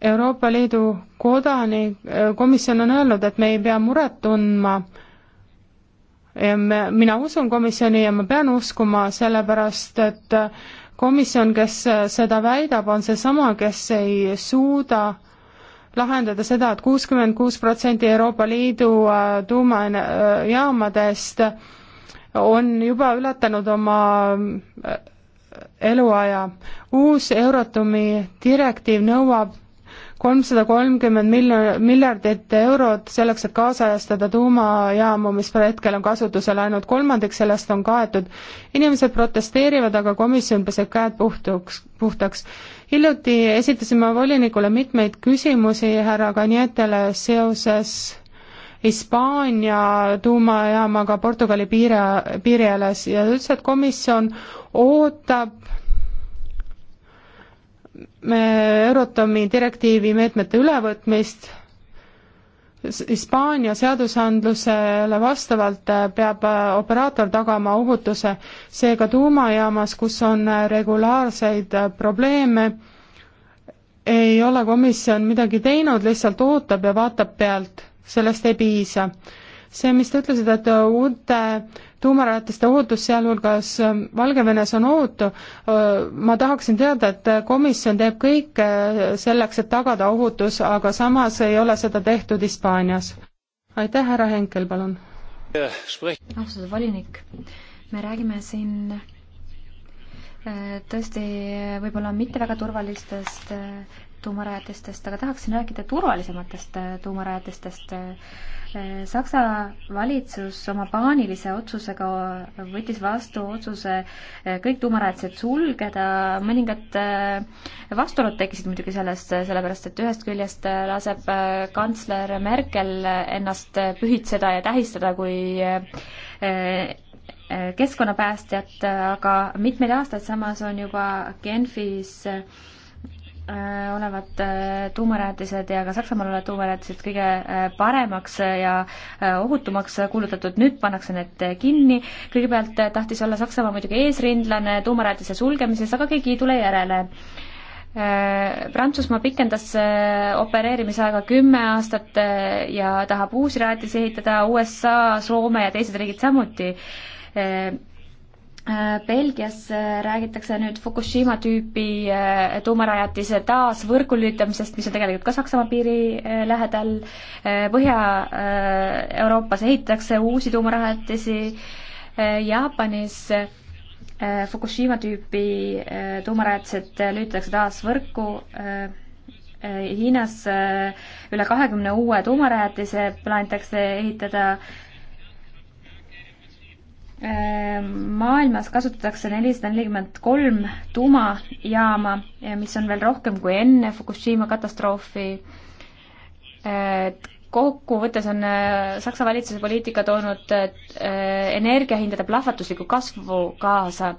Euroopa Liidu kodanik, komisjon on öelnud, et me ei pea muret tundma, mina usun komisjoni ja ma pean uskuma, sellepärast et komisjon, kes seda väidab, on seesama, kes ei suuda lahendada seda et, et kuuskümmend kuus protsenti Euroopa Liidu äh, tuumajaamadest on juba ületanud oma äh, eluaja. uus Euratomi direktiiv nõuab kolmsada kolmkümmend miljon, miljardit eurot selleks, et kaasajastada tuumajaamu, mis hetkel on kasutusel, ainult kolmandik sellest on kaetud. inimesed protesteerivad, aga komisjon peseb käed puhtuks, puhtaks. hiljuti esitasime volinikule mitmeid küsimusi härra Kanietele seoses Hispaania tuumajaamaga Portugali piire, piirialas ja ta ütles, et komisjon ootab Euratomi direktiivi meetmete ülevõtmist, Hispaania seadusandlusele vastavalt äh, peab äh, operaator tagama ohutuse, seega tuumajaamas, kus on äh, regulaarseid probleeme, ei ole komisjon midagi teinud, lihtsalt ootab ja vaatab pealt, sellest ei piisa. see, mis te ütlesite, et uute tuumarajatiste ohutus, sealhulgas äh, Valgevenes on ohutu, äh, ma tahaksin teada, et komisjon teeb kõik äh, selleks, et tagada ohutus, aga samas ei ole seda tehtud Hispaanias. aitäh, härra Henkel, palun. austatud volinik, me räägime siin tõesti võib-olla mitte väga turvalistest tuumarajatistest, aga tahaksin rääkida turvalisematest äh, tuumarajatistest. Äh, Saksa valitsus oma paanilise otsusega võttis vastu otsuse äh, kõik tuumarajatised sulgeda, mõningad vastuolud tekkisid muidugi sellest, sellepärast et ühest küljest laseb kantsler Merkel ennast pühitseda ja tähistada, kui keskkonnapäästjat, aga mitmeid aastaid samas on juba Genfis Äh, olevat äh, tuumarajatised ja ka Saksamaal olevad tuumarajatised kõige äh, paremaks ja ohutumaks kuulutatud, nüüd pannakse need kinni. kõigepealt tahtis olla Saksamaa muidugi eesrindlane tuumarajatise sulgemises, aga keegi ei tule järele. Prantsusmaa pikendas opereerimisaega kümme aastat ja tahab uusi rajatisi ehitada, USA, Soome ja teised riigid samuti Belgias äh, räägitakse nüüd Fukushima tüüpi äh, tuumarajatise taas võrgulülitamisest, mis on tegelikult ka Saksamaa piiri äh, lähedal. Põhja-Euroopas ehitatakse uusi tuumarajatisi. Jaapanis Fukushima tüüpi tuumarajatised lülitatakse taas võrku. Hiinas üle kahekümne uue tuumarajatise plaanitakse ehitada Äh, maailmas kasutatakse nelisada nelikümmend kolm tuumajaama, äh, mis on veel rohkem kui enne Fukushima katastroofi. Äh, kokkuvõttes on Saksa valitsuse poliitika toonud energiahindade plahvatusliku kasvu kaasa.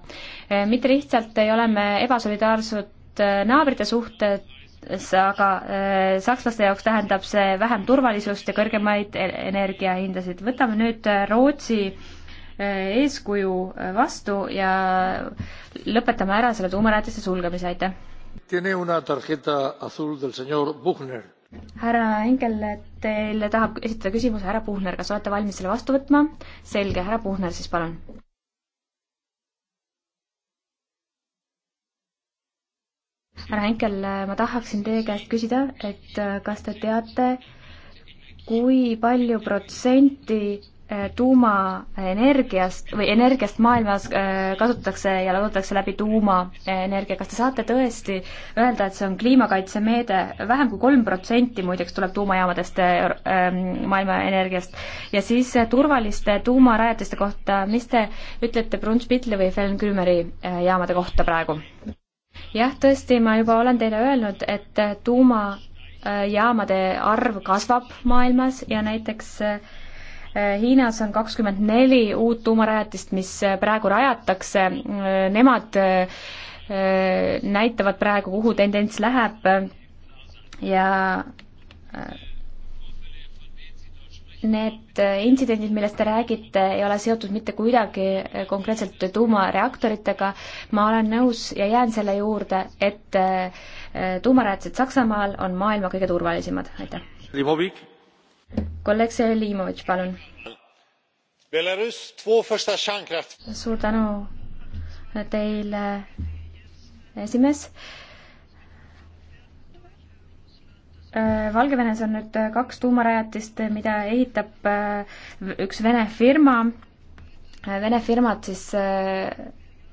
mitte lihtsalt ei ole me ebasolidaarsed naabrite suhted, aga sakslaste jaoks tähendab see vähem turvalisust ja kõrgemaid e-, energiahindasid. võtame nüüd Rootsi Eh, eeskuju eh, vastu ja lõpetame ära selle tuumarajatiste sulgemise, aitäh! härra Engel, teile tahab esitada küsimuse härra Puhner, kas olete valmis selle vastu võtma? selge, härra Puhner siis palun. härra Henkel, ma tahaksin teie käest küsida, et eh, kas te teate, kui palju protsenti Äh, tuumaenergiast või energiast maailmas äh, kasutatakse ja loodetakse läbi tuumaenergia. kas te saate tõesti öelda, et see on kliimakaitsemeede, vähem kui kolm protsenti muideks tuleb tuumajaamadest äh, ähm, maailma energiast. ja siis turvaliste tuumarajatiste kohta, mis te ütlete Brunsbitli või Felnkrümeri jaamade kohta praegu? jah, tõesti, ma juba olen teile öelnud, et tuumajaamade arv kasvab maailmas ja näiteks äh, Äh, Hiinas on kakskümmend neli uut tuumarajatist, mis äh, praegu rajatakse, äh, nemad näitavad praegu, kuhu tendents läheb ja need intsidendid, millest te räägite, ei ole seotud mitte kuidagi konkreetselt tuumareaktoritega. ma olen nõus ja jään selle juurde, et tuumarajatised Saksamaal on maailma kõige turvalisemad, aitäh kolleeg Selimovitš, palun. suur tänu teile, esimees. Äh, Valgevenes on nüüd kaks tuumarajatist, mida ehitab äh, üks Vene firma. Äh, Vene firmad siis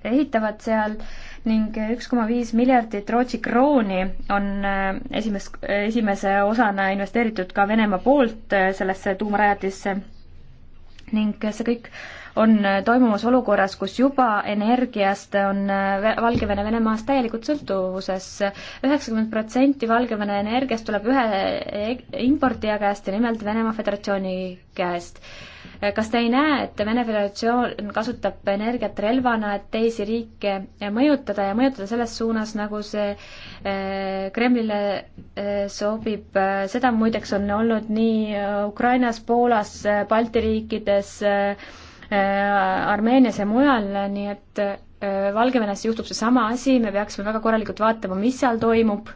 ehitavad seal äh, ning üks koma viis miljardit Rootsi krooni on äh, esimest, esimese osana investeeritud ka Venemaa poolt äh, sellesse tuumarajatisse ning see kõik on äh, toimumas olukorras, kus juba energiast on Valgevene Venemaast täielikult sõltuvuses. üheksakümmend protsenti Valgevene energiast tuleb ühe e-, importija käest ja nimelt Venemaa Föderatsiooni käest Eh, kas te ei näe, et Vene Föderatsioon kasutab energiat relvana, et teisi riike eh, mõjutada ja mõjutada selles suunas, nagu see eh, Kremlile sobib, seda muideks on olnud nii Ukrainas, Poolas, Balti riikides, Armeenias ja mujal, nii et Valgevenes juhtub seesama asi, me peaksime väga korralikult vaatama, mis seal toimub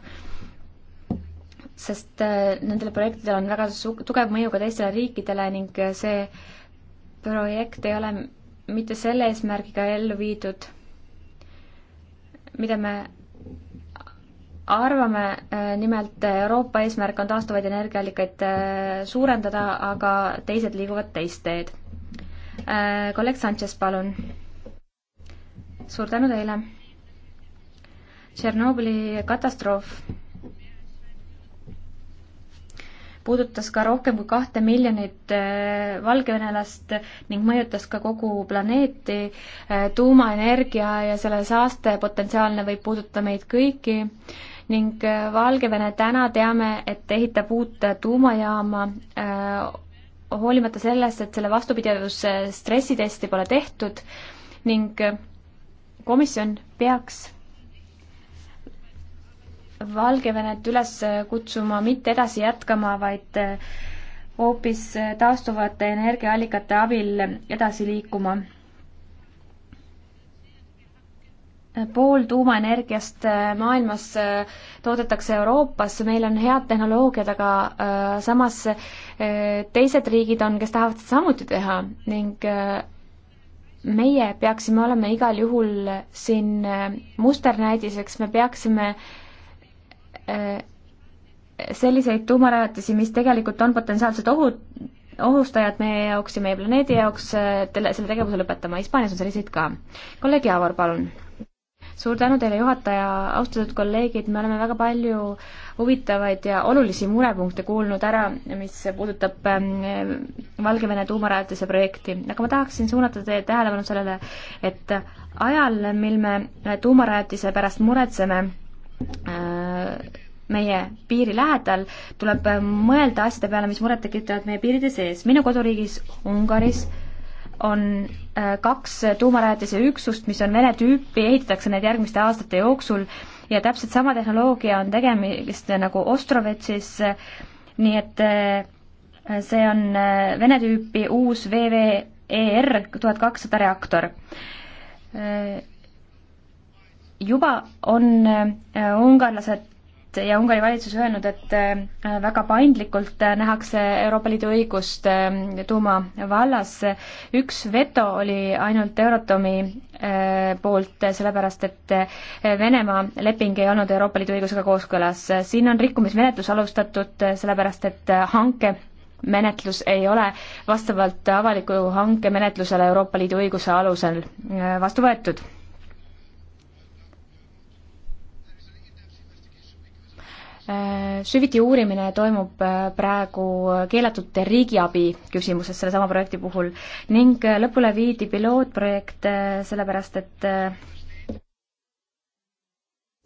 sest nendel projektidel on väga su-, tugev mõju ka teistele riikidele ning see projekt ei ole mitte selle eesmärgiga ellu viidud, mida me arvame, äh, nimelt Euroopa eesmärk on taastuvaid energiaallikaid äh, suurendada, aga teised liiguvad teist teed. Äh, kolleeg Sanchez, palun. suur tänu teile. Tšernobõli katastroof puudutas ka rohkem kui kahte miljonit äh, valgevenelast ning mõjutas ka kogu planeeti. Äh, tuumaenergia ja selle saaste potentsiaalne võib puudutada meid kõiki ning äh, Valgevene täna teame, et ehitab uut tuumajaama hoolimata sellest, et selle vastupidavus stressitesti pole tehtud ning komisjon peaks Valgevenet üles kutsuma mitte edasi jätkama, vaid eh, hoopis eh, taastuvate energiaallikate abil edasi liikuma. pool tuumaenergiast eh, maailmas toodetakse Euroopas, meil on head tehnoloogiad, aga samas teised riigid on, kes tahavad seda samuti teha ning meie peaksime olema igal juhul siin musternäidiseks, me peaksime äh, Äh, selliseid tuumarajatisi, mis tegelikult on potentsiaalsed ohud, ohustajad meie jaoks ja meie planeedi jaoks äh, tele, selle tegevuse lõpetama. Hispaanias on selliseid ka. kolleeg Javor, palun. suur tänu teile, juhataja, austatud kolleegid, me oleme väga palju huvitavaid ja olulisi murepunkte kuulnud ära, mis puudutab ähm, Valgevene tuumarajatise projekti, aga ma tahaksin suunata teie tähelepanu sellele, et ajal, mil me tuumarajatise pärast muretseme, Äh, meie piiri lähedal, tuleb mõelda asjade peale, mis muret tekitavad meie piiride sees. minu koduriigis Ungaris on äh, kaks tuumarajatise üksust, mis on Vene tüüpi, ehitatakse need järgmiste aastate jooksul ja täpselt sama tehnoloogia on tegemist nagu Ostrovetšis, nii et äh, see on Vene tüüpi uus VVER tuhat kakssada reaktor juba on äh, ungarlased ja Ungari valitsus öelnud, et äh, väga paindlikult äh, nähakse Euroopa Liidu õigust tuuma vallas. üks veto oli ainult Euratomi poolt, sellepärast et Venemaa leping ei olnud Euroopa Liidu õigusega kooskõlas. siin on rikkumismenetlus alustatud, sellepärast et hanke menetlus ei ole vastavalt avaliku hanke menetlusele Euroopa Liidu õiguse alusel vastu võetud Äh, süviti uurimine toimub äh, praegu keelatud riigiabi küsimuses sellesama projekti puhul ning äh, lõpule viidi pilootprojekt sellepärast, et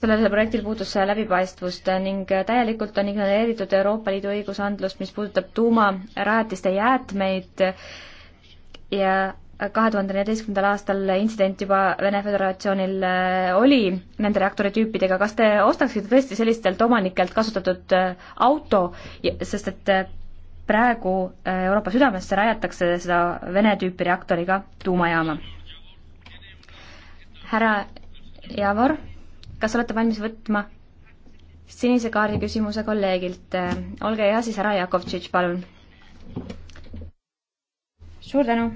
sellel projektil puudus läbipaistvust ning täielikult on ignoreeritud Euroopa Liidu õigusandlust, mis puudutab tuumarajatiste jäätmeid ja kahe tuhande neljateistkümnendal aastal intsident juba Vene Föderatsioonil äh, oli nende reaktoritüüpidega, kas te ostaksite tõesti sellistelt omanikelt kasutatud äh, auto, sest et äh, praegu Euroopa südamesse rajatakse seda Vene tüüpi reaktoriga tuumajaama? härra Javor, kas olete valmis võtma sinise kaardi küsimuse kolleegilt, olge hea siis, härra Jakovtšitš, palun. suur tänu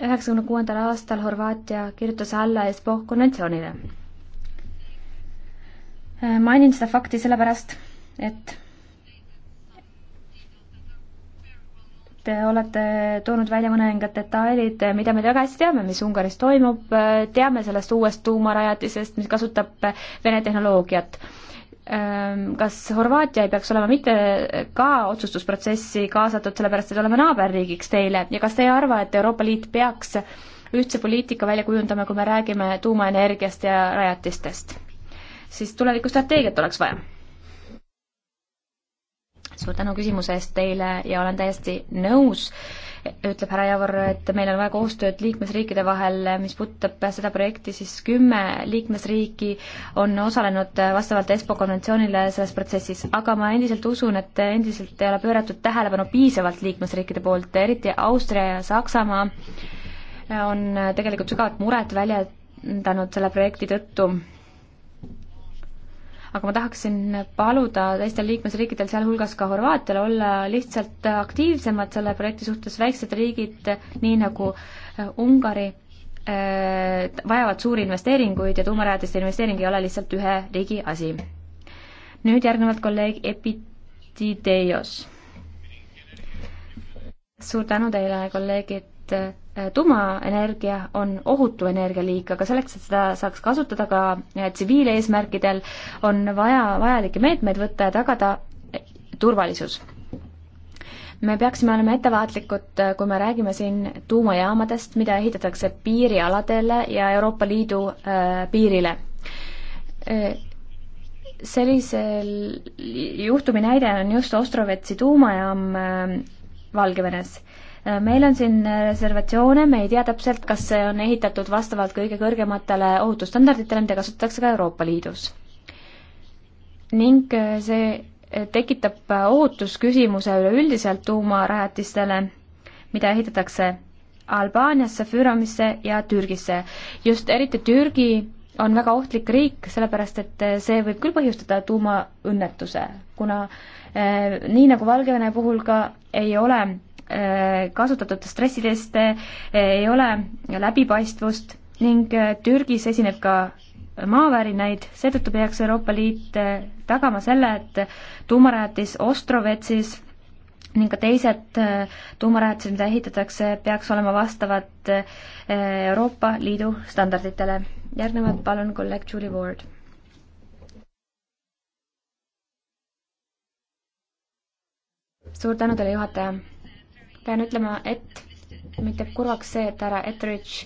üheksakümne kuuendal aastal Horvaatia kirjutas alla Espoo konventsioonile. mainin seda fakti sellepärast, et te olete toonud välja mõningad detailid, mida me väga hästi teame, mis Ungaris toimub, teame sellest uuest tuumarajatisest, mis kasutab Vene tehnoloogiat. Ehm, kas Horvaatia ei peaks olema mitte ka otsustusprotsessi kaasatud, sellepärast et oleme naaberriigiks teile ja kas te ei arva, et Euroopa Liit peaks ühtse poliitika välja kujundama, kui me räägime tuumaenergiast ja rajatistest? siis tulevikustrateegiat oleks vaja. suur tänu küsimuse eest teile ja olen täiesti nõus äh, ütleb härra Javor, et meil on vaja koostööd liikmesriikide vahel, mis puudutab seda projekti, siis kümme liikmesriiki on osalenud vastavalt ESPO konventsioonile selles protsessis, aga ma endiselt usun, et endiselt ei ole pööratud tähelepanu piisavalt liikmesriikide poolt, eriti Austria ja Saksamaa on tegelikult sügavat muret väljendanud selle projekti tõttu aga ma tahaksin paluda teistel liikmesriikidel, sealhulgas ka Horvaatial, olla lihtsalt aktiivsemad selle projekti suhtes, väiksed riigid, nii nagu äh, Ungari, äh, vajavad suuri investeeringuid ja tuumarajatiste investeering ei ole lihtsalt ühe riigi asi. nüüd järgnevalt kolleeg Epitideios. suur tänu teile, kolleegid, et äh, tuumaenergia on ohutu energialiik, aga selleks, et seda saaks kasutada ka äh, tsiviileesmärkidel, on vaja vajalikke meetmeid võtta ja tagada äh, turvalisus. me peaksime olema ettevaatlikud, kui me räägime siin tuumajaamadest, mida ehitatakse piirialadele ja Euroopa Liidu äh, piirile sellisel juhtumi näide on just Ostrovetsi tuumajaam Valgevenes Äh, meil on siin äh, reservatsioone, me ei tea täpselt, kas see on ehitatud vastavalt kõige kõrgematele ohutusstandarditele, mida kasutatakse ka Euroopa Liidus. ning äh, see tekitab ohutusküsimuse üleüldiselt tuumarajatistele, mida ehitatakse Albaaniasse, Füüromisse ja Türgisse. just eriti Türgi on väga ohtlik riik, sellepärast et see võib küll põhjustada tuumaõnnetuse, kuna eh, nii nagu Valgevene puhul ka ei ole Äh, kasutatud stressiteste, äh, ei ole läbipaistvust ning äh, Türgis esineb ka maavärinaid, seetõttu peaks Euroopa Liit tagama selle, et tuumarajatis Ostrovetsis ning ka teised tuumarajatised, mida ehitatakse, peaks olema vastavad Euroopa Liidu standarditele. järgnevalt palun kolleeg Julie Ward. suur tänu teile, juhataja pean ütlema, et mind teeb kurvaks see, et härra Etridge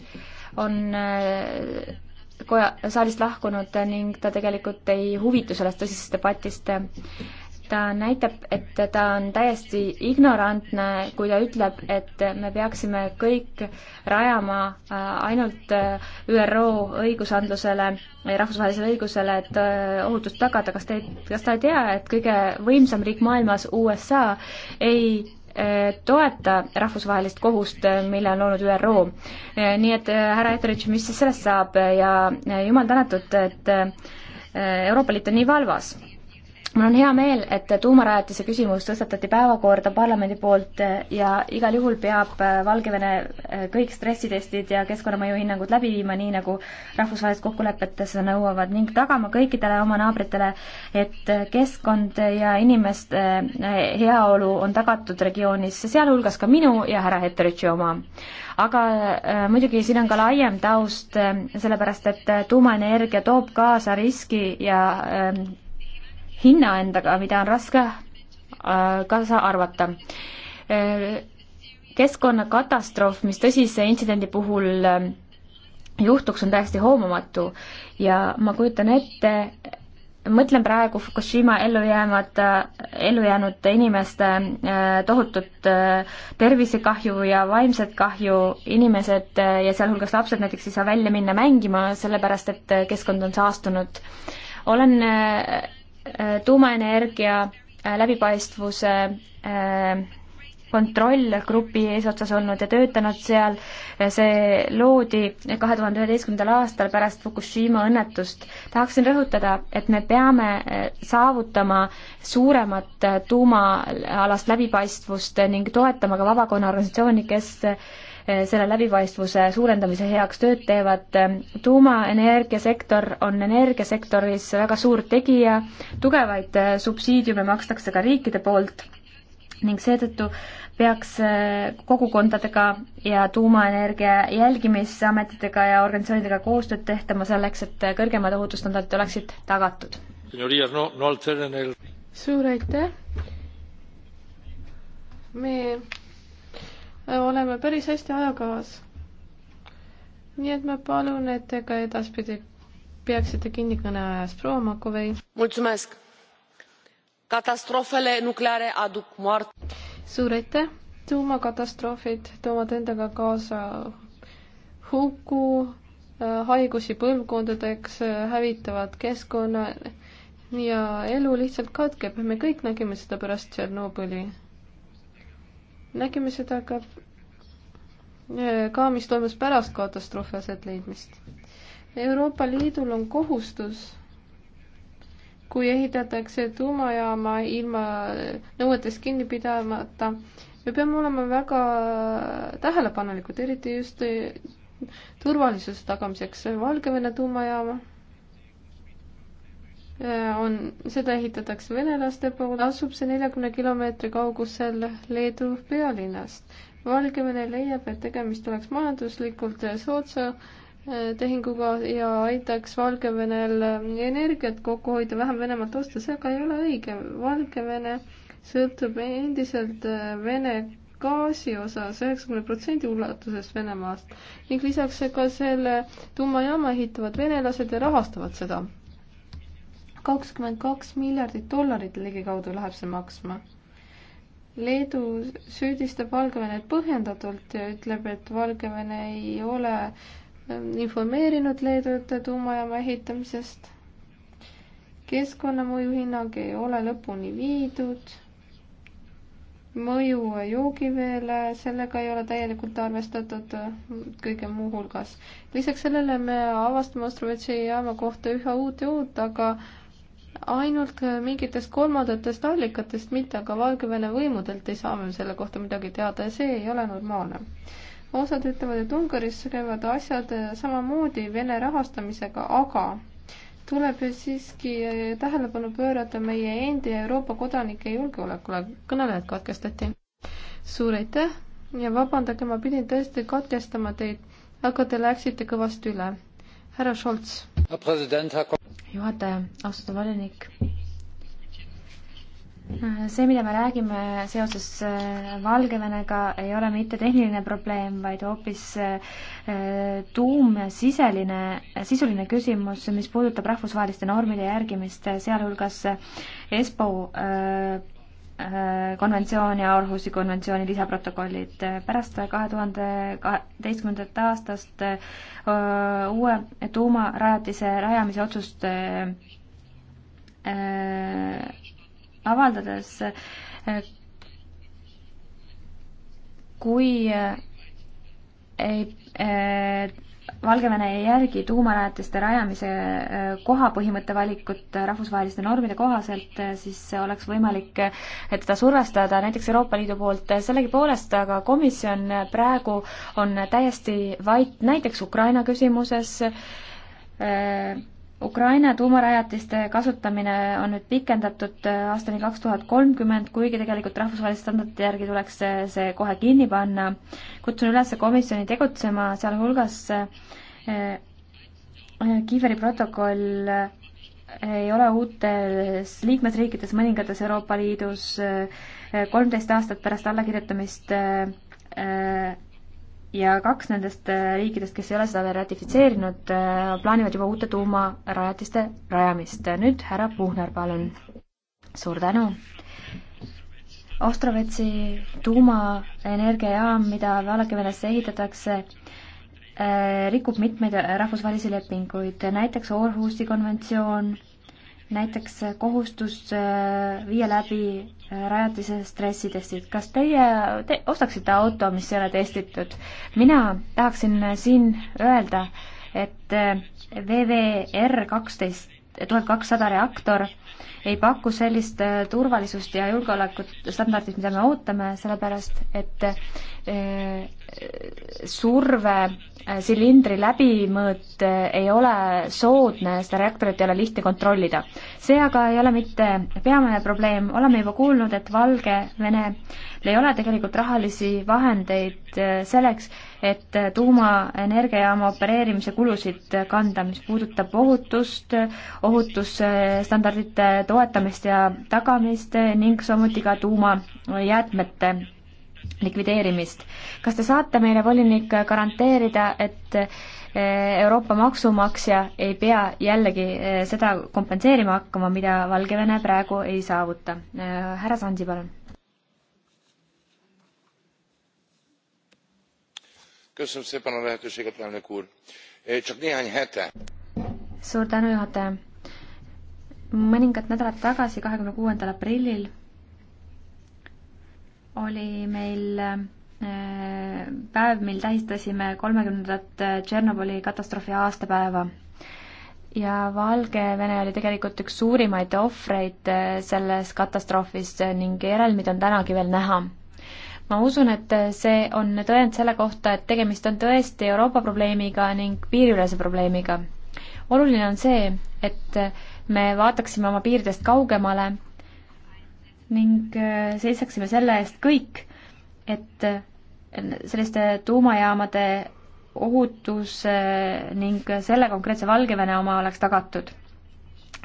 on äh, koja, saalist lahkunud ning ta tegelikult ei huvitu sellest tõsisest debatist. ta näitab, et ta on täiesti ignorantne, kui ta ütleb, et me peaksime kõik rajama äh, ainult äh, ÜRO õigusandlusele, rahvusvahelisele õigusele, et ohutust tagada. kas te, kas ta ei tea, et kõige võimsam riik maailmas, USA, ei toeta rahvusvahelist kohust, mille on loonud ÜRO. nii et äh, härra Eterich, mis siis sellest saab ja äh, jumal tänatud, et äh, Euroopa Liit on nii valvas mul on hea meel, et tuumarajatise küsimus tõstatati päevakorda parlamendi poolt eh, ja igal juhul peab eh, Valgevene eh, kõik stressitestid ja keskkonnamõjuhinnangud läbi viima, nii nagu rahvusvahelised kokkulepped seda nõuavad ning tagama kõikidele oma naabritele, et keskkond ja inimeste heaolu on tagatud regioonis, sealhulgas ka minu ja härra Heteritši oma. aga muidugi siin on ka laiem taust, sellepärast et tuumaenergia toob kaasa riski ja hinna endaga, mida on raske äh, kaasa arvata. Äh, keskkonnakatastroof, mis tõsise intsidendi puhul äh, juhtuks, on täiesti hoomamatu ja ma kujutan ette, mõtlen praegu Fukushima ellujäämad, ellujäänud inimeste tohutut tervisekahju ja vaimset kahju, inimesed ja sealhulgas lapsed näiteks ei saa välja minna mängima, sellepärast et keskkond on saastunud. olen Äh, tuumaenergia äh, läbipaistvuse äh, kontrollgrupi eesotsas olnud ja töötanud seal. see loodi kahe tuhande üheteistkümnendal aastal pärast Fukushima õnnetust. tahaksin rõhutada, et me peame saavutama suuremat tuumaalast läbipaistvust ning toetama ka vabakonna organisatsiooni, kes Eh, selle läbipaistvuse suurendamise heaks tööd teevad. tuumaenergiasektor on energiasektoris väga suur tegija, tugevaid eh, subsiidiume makstakse ka riikide poolt ning seetõttu peaks eh, kogukondadega ja tuumaenergia jälgimisametitega ja organisatsioonidega koostööd tehtama selleks, et kõrgemad ohutusstandardid oleksid tagatud. suur aitäh! me oleme päris hästi ajakavas. nii et ma palun, et te ka edaspidi peaksite kinni kõneajast. proua Makovei. katastroofile nukleare aduk muart. suur aitäh. tuumakatastroofid toovad endaga kaasa huku, äh, haigusi põlvkondadeks, äh, hävitavad keskkonna ja elu lihtsalt katkeb. me kõik nägime seda pärast Tšernobõli nägime seda ka, eh, ka mis toimus pärast katastroofi aset leidmist. Euroopa Liidul on kohustus, kui ehitatakse tuumajaama ilma nõuetest kinni pidamata, me peame olema väga tähelepanelikud, eriti just eh, turvalisuse tagamiseks Valgevene tuumajaama Äh, on, seda ehitatakse venelaste poolt, asub see neljakümne kilomeetri kaugusel Leedu pealinnast. Valgevene leiab, et tegemist oleks majanduslikult soodsa äh, tehinguga ja aitaks Valgevenel äh, energiat kokku hoida, vähem Venemaalt osta, see aga ei ole õige. Valgevene sõltub endiselt Vene gaasi osas üheksakümne protsendi ulatuses Venemaast ning lisaks ka selle tuumajaama ehitavad venelased ja rahastavad seda kakskümmend kaks miljardit dollarit ligikaudu läheb see maksma. Leedu süüdistab Valgevenet põhjendatult ja ütleb, et Valgevene ei ole ähm, informeerinud Leedut tuumajaama ehitamisest. keskkonnamõju hinnang ei ole lõpuni viidud. mõju joogiveele, sellega ei ole täielikult arvestatud kõige muu hulgas. lisaks sellele me avastame Ostrovetši jaama kohta üha uut ja uut, aga ainult mingitest kolmandatest allikatest, mitte aga Valgevene võimudelt ei saa me selle kohta midagi teada ja see ei ole normaalne. osad ütlevad, et Ungaris käivad asjad samamoodi Vene rahastamisega, aga tuleb siiski tähelepanu pöörata meie endi ja Euroopa kodanike julgeolekule. kõnelejad katkestati. suur aitäh ja vabandage, ma pidin tõesti katkestama teid, aga te läksite kõvasti üle. härra Scholz. president, juhataja, austatud volinik see, mida me räägime seoses äh, Valgevenega, ei ole mitte tehniline probleem, vaid hoopis äh, tuumsiseline, sisuline küsimus, mis puudutab rahvusvaheliste normide järgimist, sealhulgas äh, ESPO Äh, konventsioon ja Orhusi konventsiooni lisaprotokollid. pärast kahe tuhande kaheteistkümnendat aastast äh, uue tuumarajatise rajamise otsust äh, avaldades, kui ei Valgevene ei järgi tuumarajatiste rajamise äh, koha põhimõtte valikut äh, rahvusvaheliste normide kohaselt, äh, siis oleks võimalik teda survestada näiteks Euroopa Liidu poolt. sellegipoolest aga komisjon praegu on täiesti vait näiteks Ukraina küsimuses äh, Ukraina tuumarajatiste kasutamine on nüüd pikendatud äh, aastani kaks tuhat kolmkümmend, kuigi tegelikult rahvusvaheliste standardite järgi tuleks see, see kohe kinni panna. kutsun üles komisjoni tegutsema, sealhulgas eh, äh, äh, Kiiveri protokoll ei ole uutes liikmesriikides, mõningates Euroopa Liidus kolmteist eh, aastat pärast allakirjutamist eh, ja kaks nendest äh, riikidest, kes ei ole seda veel ratifitseerinud, äh, plaanivad juba uute tuumarajatiste rajamist. nüüd härra Puhner, palun. suur tänu. Ostrovetsi tuumaenergiajaam, mida Valgevenesse ehitatakse, äh, rikub mitmeid rahvusvahelisi lepinguid, näiteks Orhusi konventsioon näiteks äh, kohustus äh, viia läbi äh, rajatise stressitestid. kas teie te, ostaksite auto, mis ei ole testitud? mina tahaksin siin öelda, et VVR kaksteist, tuhat kakssada reaktor ei paku sellist äh, turvalisust ja julgeolekut standardit, mida me ootame, sellepärast et äh, surve äh, silindri läbimõõt ei ole soodne, seda reaktorit ei ole lihtne kontrollida. see aga ei ole mitte peamine probleem, oleme juba kuulnud, et Valgevenel ei ole tegelikult rahalisi vahendeid selleks, et tuumaenergiajaama opereerimise kulusid kanda, mis puudutab ohutust, ohutusstandardite toetamist ja tagamist ning samuti ka tuumajäätmete likvideerimist. kas te saate meile, volinik, garanteerida, et e, Euroopa maksumaksja ei pea jällegi e, seda kompenseerima hakkama, mida Valgevene praegu ei saavuta? E, härra Sansi, palun suur tänu, juhataja. mõningad nädalad tagasi, kahekümne kuuendal aprillil oli meil äh, päev, mil tähistasime kolmekümnendat Tšernobõli katastroofi aastapäeva. ja Valgevene oli tegelikult üks suurimaid ohvreid äh, selles katastroofis ning järelmid on tänagi veel näha ma usun, et see on tõend selle kohta, et tegemist on tõesti Euroopa probleemiga ning piiriülese probleemiga. oluline on see, et me vaataksime oma piiridest kaugemale ning seisaksime selle eest kõik, et selliste tuumajaamade ohutus ning selle konkreetse Valgevene oma oleks tagatud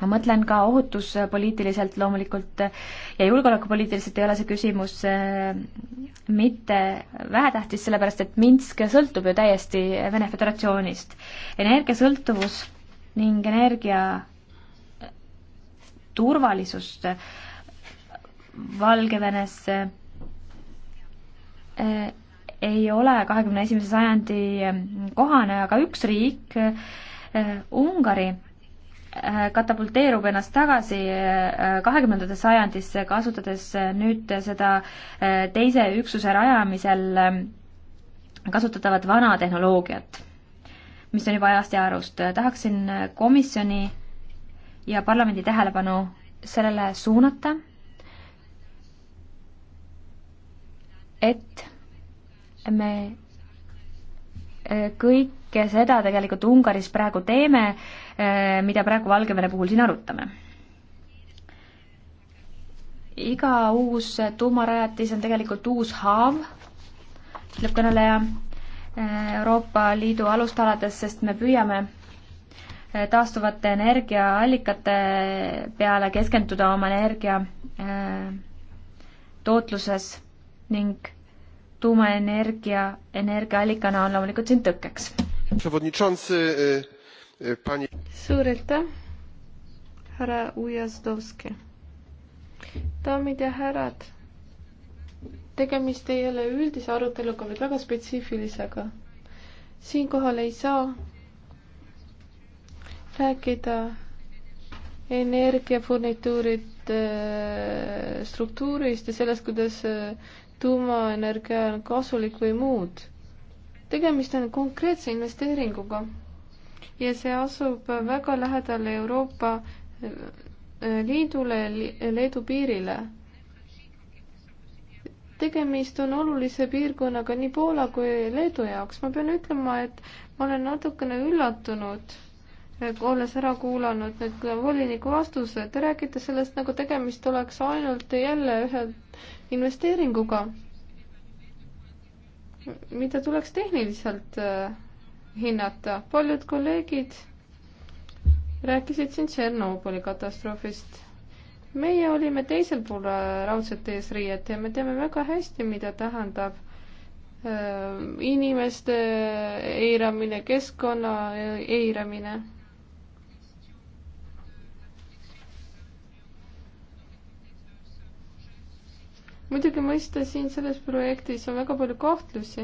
ma mõtlen ka ohutuspoliitiliselt loomulikult ja julgeolekupoliitiliselt ei ole see küsimus äh, mitte vähetähtis, sellepärast et Minsk sõltub ju täiesti Vene Föderatsioonist. energiasõltuvus ning energia turvalisust Valgevenes äh, ei ole kahekümne esimese sajandi kohane, aga üks riik, äh, Ungari Äh, katapulteerub ennast tagasi äh, kahekümnendasse sajandisse, kasutades äh, nüüd seda teise üksuse rajamisel ähm, kasutatavat vana tehnoloogiat, mis on juba ajast ja arust. tahaksin komisjoni ja parlamendi tähelepanu sellele suunata, et me kõike seda tegelikult Ungaris praegu teeme, eh, mida praegu Valgevene puhul siin arutame. iga uus tuumarajatis on tegelikult uus haav, ütleb kõneleja eh, Euroopa Liidu alustalades, sest me püüame eh, taastuvate energiaallikate peale keskenduda oma energia tootluses ning tuumaenergia energiaallikana on loomulikult siin tõkkeks. suur aitäh, härra Ujazdovski. daamid ja härrad, tegemist ei ole üldise aruteluga, vaid väga spetsiifilisega. siinkohal ei saa rääkida energiafurnituurid struktuurist ja sellest, kuidas tuumaenergia on kasulik või muud. tegemist on konkreetse investeeringuga ja see asub väga lähedal Euroopa eh, eh, Liidule, eh, Leedu piirile. tegemist on olulise piirkonnaga nii Poola kui Leedu jaoks. ma pean ütlema, et ma olen natukene üllatunud, olles ära kuulanud nüüd voliniku vastuse. Te räägite sellest, nagu tegemist oleks ainult jälle ühe investeeringuga, mida tuleks tehniliselt äh, hinnata. paljud kolleegid rääkisid siin Tšernobõli katastroofist. meie olime teisel pool äh, raudset eesriiet ja me teame väga hästi, mida tähendab äh, inimeste eiramine, keskkonna eiramine muidugi mõista siin selles projektis on väga palju kahtlusi,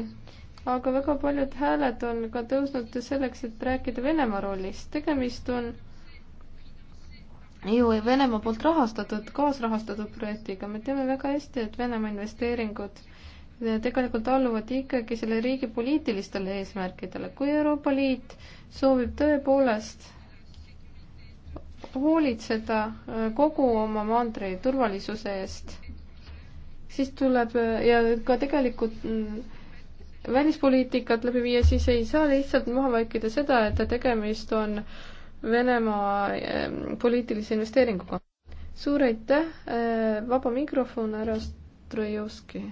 aga väga paljud hääled on ka tõusnud selleks, et rääkida Venemaa rollist. tegemist on ju Venemaa poolt rahastatud, kaasrahastatud projektiga. me teame väga hästi, et Venemaa investeeringud tegelikult alluvad ikkagi selle riigi poliitilistele eesmärkidele. kui Euroopa Liit soovib tõepoolest hoolitseda kogu oma mandri turvalisuse eest siis tuleb ja ka tegelikult mm, välispoliitikat läbi viia, siis ei saa lihtsalt maha vaikida seda, et tegemist on Venemaa ehm, poliitilise investeeringuga. suur aitäh, ehm, vaba mikrofon, härra Strojevski.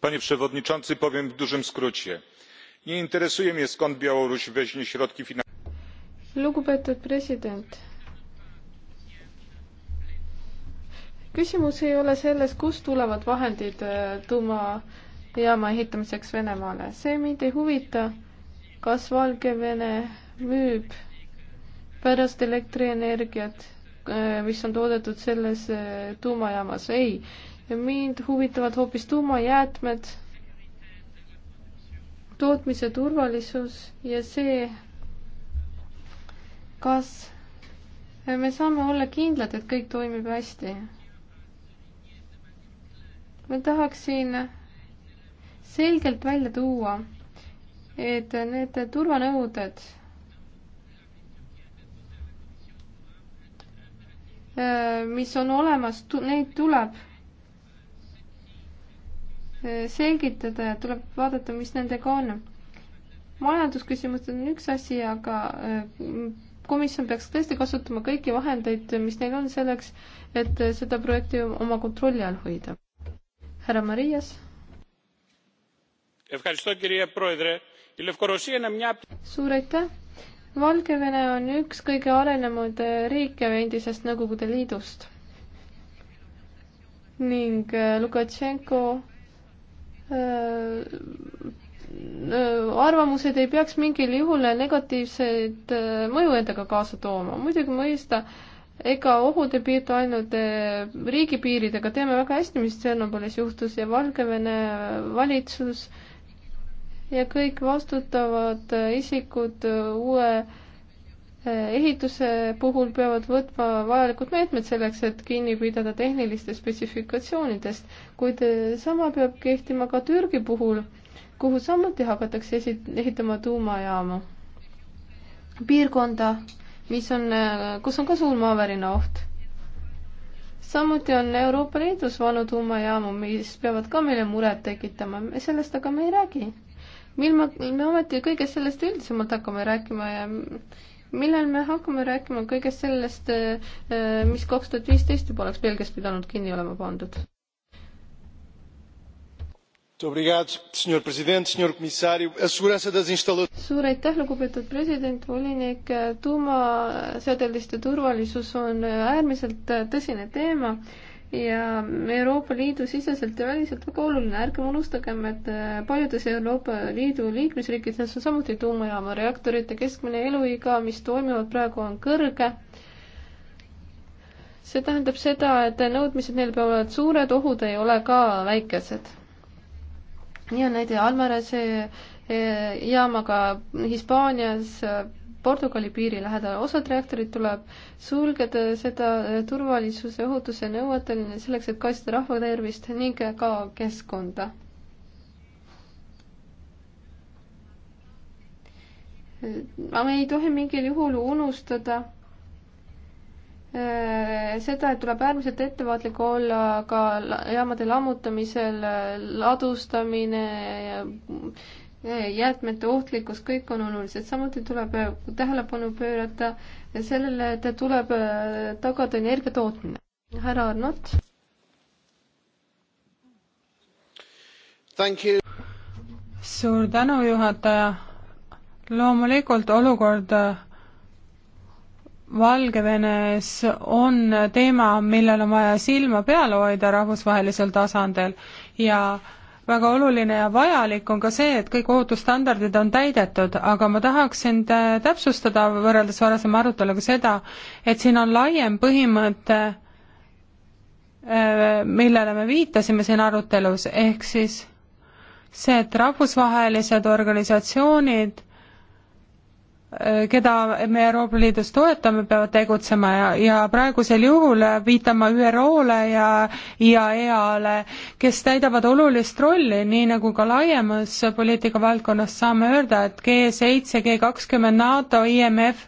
panie przewodniczący! powiem w dużym skrócie nie interesuje mnie skąd białoruś weźmie środki finansowe. küsimus ei ole selles, kust tulevad vahendid äh, tuumajaama ehitamiseks Venemaale. see mind ei huvita, kas Valgevene müüb pärast elektrienergiat, äh, mis on toodetud selles äh, tuumajaamas. ei, mind huvitavad hoopis tuumajäätmed tootmise turvalisus ja see, kas me saame olla kindlad, et kõik toimib hästi. ma tahaksin selgelt välja tuua, et need turvanõuded mis on olemas, neid tuleb selgitada ja tuleb vaadata, mis nendega on. majandusküsimused on üks asi, aga äh, komisjon peaks tõesti kasutama kõiki vahendeid, mis neil on selleks, et äh, seda projekti oma kontrolli all hoida. härra Marias. suur aitäh. Valgevene on üks kõige arenenud äh, riike endisest Nõukogude Liidust ning Lukashenko Äh, äh, arvamused ei peaks mingil juhul negatiivseid äh, mõju endaga kaasa tooma. muidugi mõista, ega ohud ei piirdu ainult riigipiiridega, teame väga hästi, mis Tšernobõlis juhtus ja Valgevene valitsus ja kõik vastutavad isikud uue ehituse puhul peavad võtma vajalikud meetmed selleks, et kinni pidada tehnilistest spetsifikatsioonidest, kuid äh, sama peab kehtima ka Türgi puhul, kuhu samuti hakatakse esi-, ehitama tuumajaamu. piirkonda, mis on, äh, kus on ka suur maavärina oht. samuti on Euroopa Liidus vanu tuumajaamu, mis peavad ka meile muret tekitama, sellest aga me ei räägi. mil ma, me ometi kõigest sellest üldisemalt hakkame rääkima ja millal me hakkame rääkima kõigest sellest, äh, äh, mis kaks tuhat viisteist juba oleks Belgias pidanud kinni olema pandud? suur aitäh, lugupeetud president, volinik, äh, tuumasedeliste turvalisus on äärmiselt tõsine teema ja Euroopa Liidu siseselt ja väliselt väga oluline, ärgem unustagem, et äh, paljudes Euroopa Liidu liikmesriikides on samuti tuumajaama reaktorite keskmine eluiga, mis toimivad praegu, on kõrge. see tähendab seda, et nõudmised neil peavad suured, ohud ei ole ka väikesed. nii on näide Almerese äh, jaamaga Hispaanias Portugali piiri lähedal. osad reaktorid tuleb sulgeda seda eh, turvalisuse ohutuse nõueteline selleks, et kaitsta rahva tervist ning ka keskkonda. aga me ei tohi mingil juhul unustada eh, seda, et tuleb äärmiselt ettevaatlik olla ka jaamade lammutamisel, ladustamine ja jäätmete ohtlikkus, kõik on olulised, samuti tuleb tähelepanu pöörata sellele, et tuleb äh, tagada energia tootmine. härra Arnot. suur tänu, juhataja. loomulikult olukord äh, Valgevenes on teema, millel on vaja silma peal hoida rahvusvahelisel tasandil ja äh, väga oluline ja vajalik on ka see, et kõik ohutusstandardid on täidetud, aga ma tahaksin täpsustada võrreldes varasema aruteluga seda, et siin on laiem põhimõte, äh, millele me viitasime siin arutelus, ehk siis see, et rahvusvahelised organisatsioonid Äh, keda me Euroopa Liidus toetame, peavad tegutsema ja, ja praegusel juhul viitama ÜRO-le ja IAEA-le, kes täidavad olulist rolli, nii nagu ka laiemas poliitikavaldkonnas saame öelda, et G7, G20, NATO, IMF,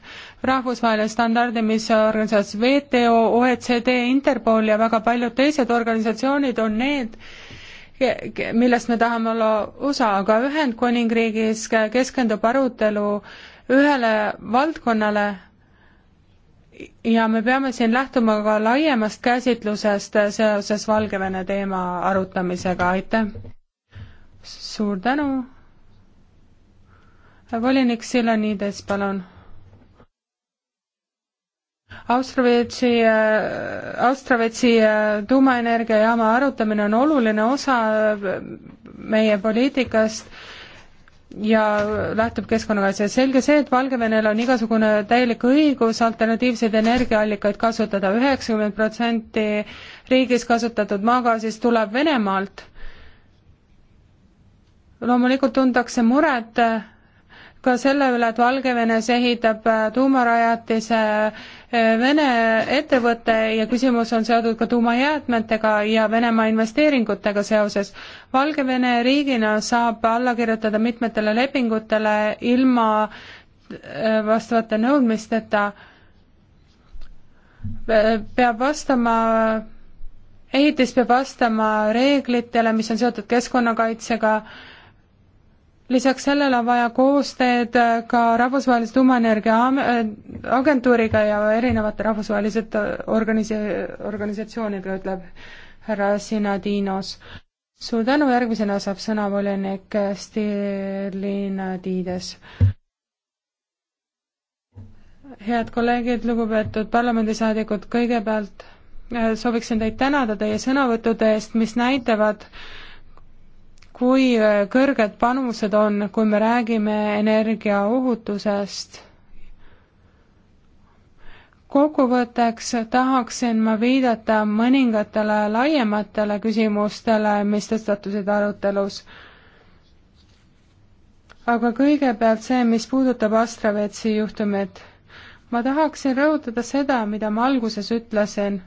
rahvusvaheline standardimisorganisatsioon, WTO, OECD, Interpol ja väga paljud teised organisatsioonid on need, millest me tahame olla osa, aga Ühendkuningriigis keskendub arutelu äh, ühele valdkonnale ja me peame siin lähtuma ka laiemast käsitlusest seoses Valgevene teema arutamisega, aitäh! suur tänu! volinik Silanides, palun! Austravetsi, äh, Austravetsi äh, tuumaenergiajaama arutamine on oluline osa meie poliitikast ja lähtub keskkonnakaitse. selge see, et Valgevenel on igasugune täielik õigus alternatiivseid energiaallikaid kasutada, üheksakümmend protsenti riigis kasutatud maagaasist tuleb Venemaalt. loomulikult tuntakse muret ka selle üle, et Valgevenes ehitab äh, tuumarajatise äh, Vene ettevõte ja küsimus on seotud ka tuumajäätmetega ja Venemaa investeeringutega seoses. Valgevene riigina saab alla kirjutada mitmetele lepingutele ilma äh, vastavate nõudmisteta, peab vastama ehitis peab vastama reeglitele, mis on seotud keskkonnakaitsega äh,, lisaks sellele on vaja koostööd ka rahvusvahelise tuumaenergia äh, agentuuriga ja erinevate rahvusvahelised äh, organisi-, organisatsioonidega, ütleb härra Sinadinos. suur tänu, järgmisena saab sõna volinik äh, Stilina Tiides. head kolleegid, lugupeetud parlamendisaadikud, kõigepealt sooviksin teid tänada teie sõnavõttude eest, mis näitavad, kui äh, kõrged panused on, kui me räägime energiaohutusest. kokkuvõtteks tahaksin ma viidata mõningatele laiematele küsimustele, mis tõstatusid arutelus. aga kõigepealt see, mis puudutab Astravetsi juhtumit. ma tahaksin rõhutada seda, mida ma alguses ütlesin.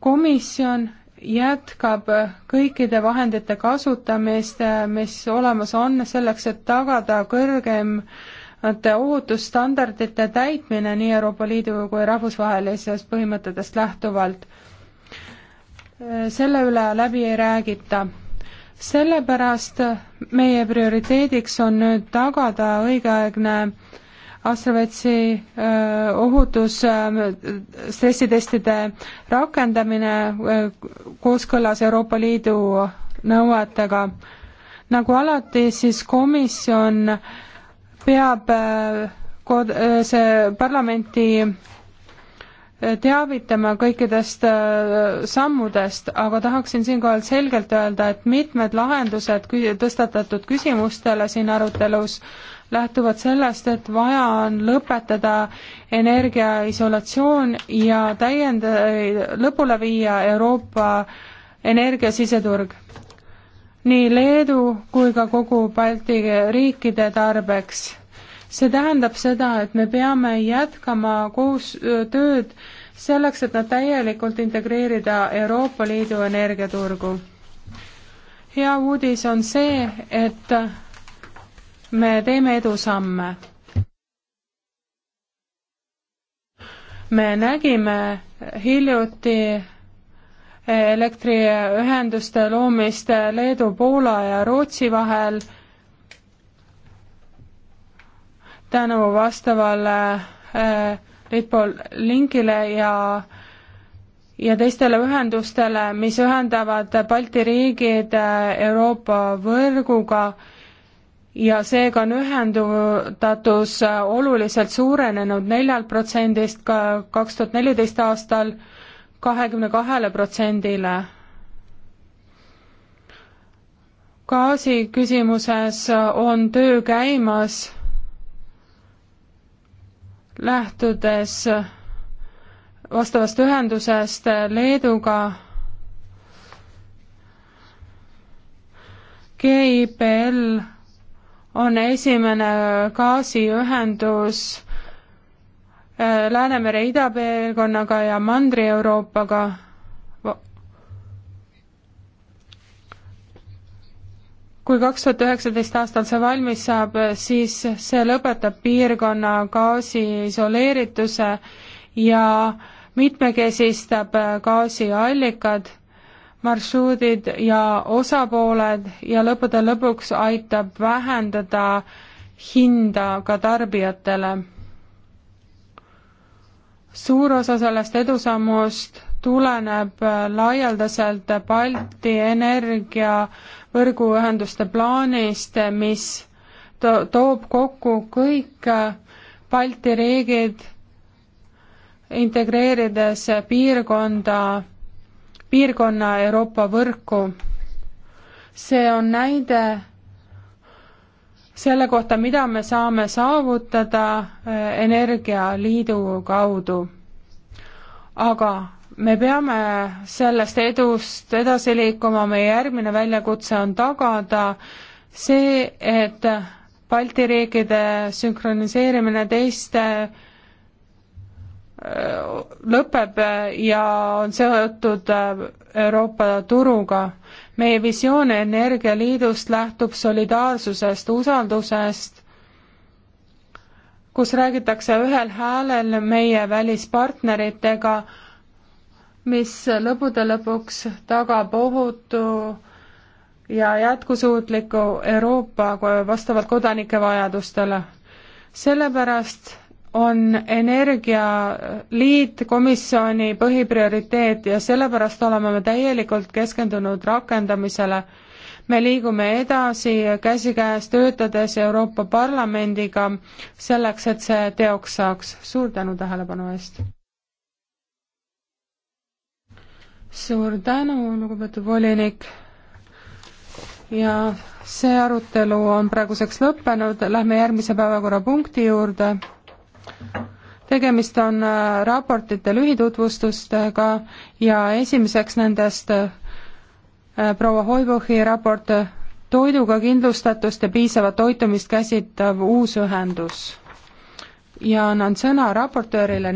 komisjon jätkab kõikide vahendite kasutamist, mis olemas on, selleks et tagada kõrgemate ohutusstandardite täitmine nii Euroopa Liidu kui rahvusvahelisest põhimõtetest lähtuvalt. selle üle läbi ei räägita. sellepärast meie prioriteediks on nüüd tagada õigeaegne Astrovetsi äh, ohutus ähm, stressitestide rakendamine äh, kooskõlas Euroopa Liidu nõuetega. nagu alati, siis komisjon peab äh, kod-, see parlamenti teavitama kõikidest sammudest, aga tahaksin siinkohal selgelt öelda, et mitmed lahendused tõstatatud küsimustele siin arutelus lähtuvad sellest, et vaja on lõpetada energia isolatsioon ja täiend-, lõpule viia Euroopa energiasiseturg nii Leedu kui ka kogu Balti riikide tarbeks. see tähendab seda, et me peame jätkama koos tööd selleks, et nad täielikult integreerida Euroopa Liidu energiaturgu. hea uudis on see, et me teeme edusamme. me nägime hiljuti elektriühenduste loomist Leedu, Poola ja Rootsi vahel tänu vastavale äh, Litpol linkile ja ja teistele ühendustele, mis ühendavad Balti riigid äh, Euroopa võrguga ja seega on ühendatus oluliselt suurenenud neljalt protsendist ka kaks tuhat neliteist aastal kahekümne kahele protsendile. gaasi küsimuses on töö käimas, lähtudes vastavast ühendusest Leeduga GIPL on esimene gaasiühendus äh, Läänemere idapiirkonnaga ja Mandri-Euroopaga. kui kaks tuhat üheksateist aastal see valmis saab, siis see lõpetab piirkonna gaasi isoleerituse ja mitmekesistab äh, gaasiallikad marsruudid ja osapooled ja lõppude lõpuks aitab vähendada hinda ka tarbijatele. suur osa sellest edusammust tuleneb laialdaselt Balti energiavõrguühenduste plaanist, mis to-, toob kokku kõik Balti riigid, integreerides piirkonda piirkonna Euroopa võrku. see on näide selle kohta, mida me saame saavutada eh, Energialiidu kaudu. aga me peame sellest edust edasi liikuma, meie järgmine väljakutse on tagada see, et Balti riikide sünkroniseerimine teiste lõpeb ja on seotud Euroopa turuga. meie visioon Energialiidust lähtub solidaarsusest, usaldusest, kus räägitakse ühel häälel meie välispartneritega, mis lõppude lõpuks tagab ohutu ja jätkusuutliku Euroopa vastavalt kodanike vajadustele. sellepärast on Energialiit komisjoni põhiprioriteet ja sellepärast oleme me täielikult keskendunud rakendamisele. me liigume edasi käsikäes töötades Euroopa Parlamendiga selleks, et see teoks saaks. suur tänu tähelepanu eest! suur tänu, lugupeetud volinik! ja see arutelu on praeguseks lõppenud, lähme järgmise päevakorrapunkti juurde tegemist on äh, raportite lühitutvustustega ja esimeseks nendest äh, proua Hoibuchi raport äh, Toiduga kindlustatust ja piisavat toitumist käsitlev uus ühendus. ja annan sõna raportöörile.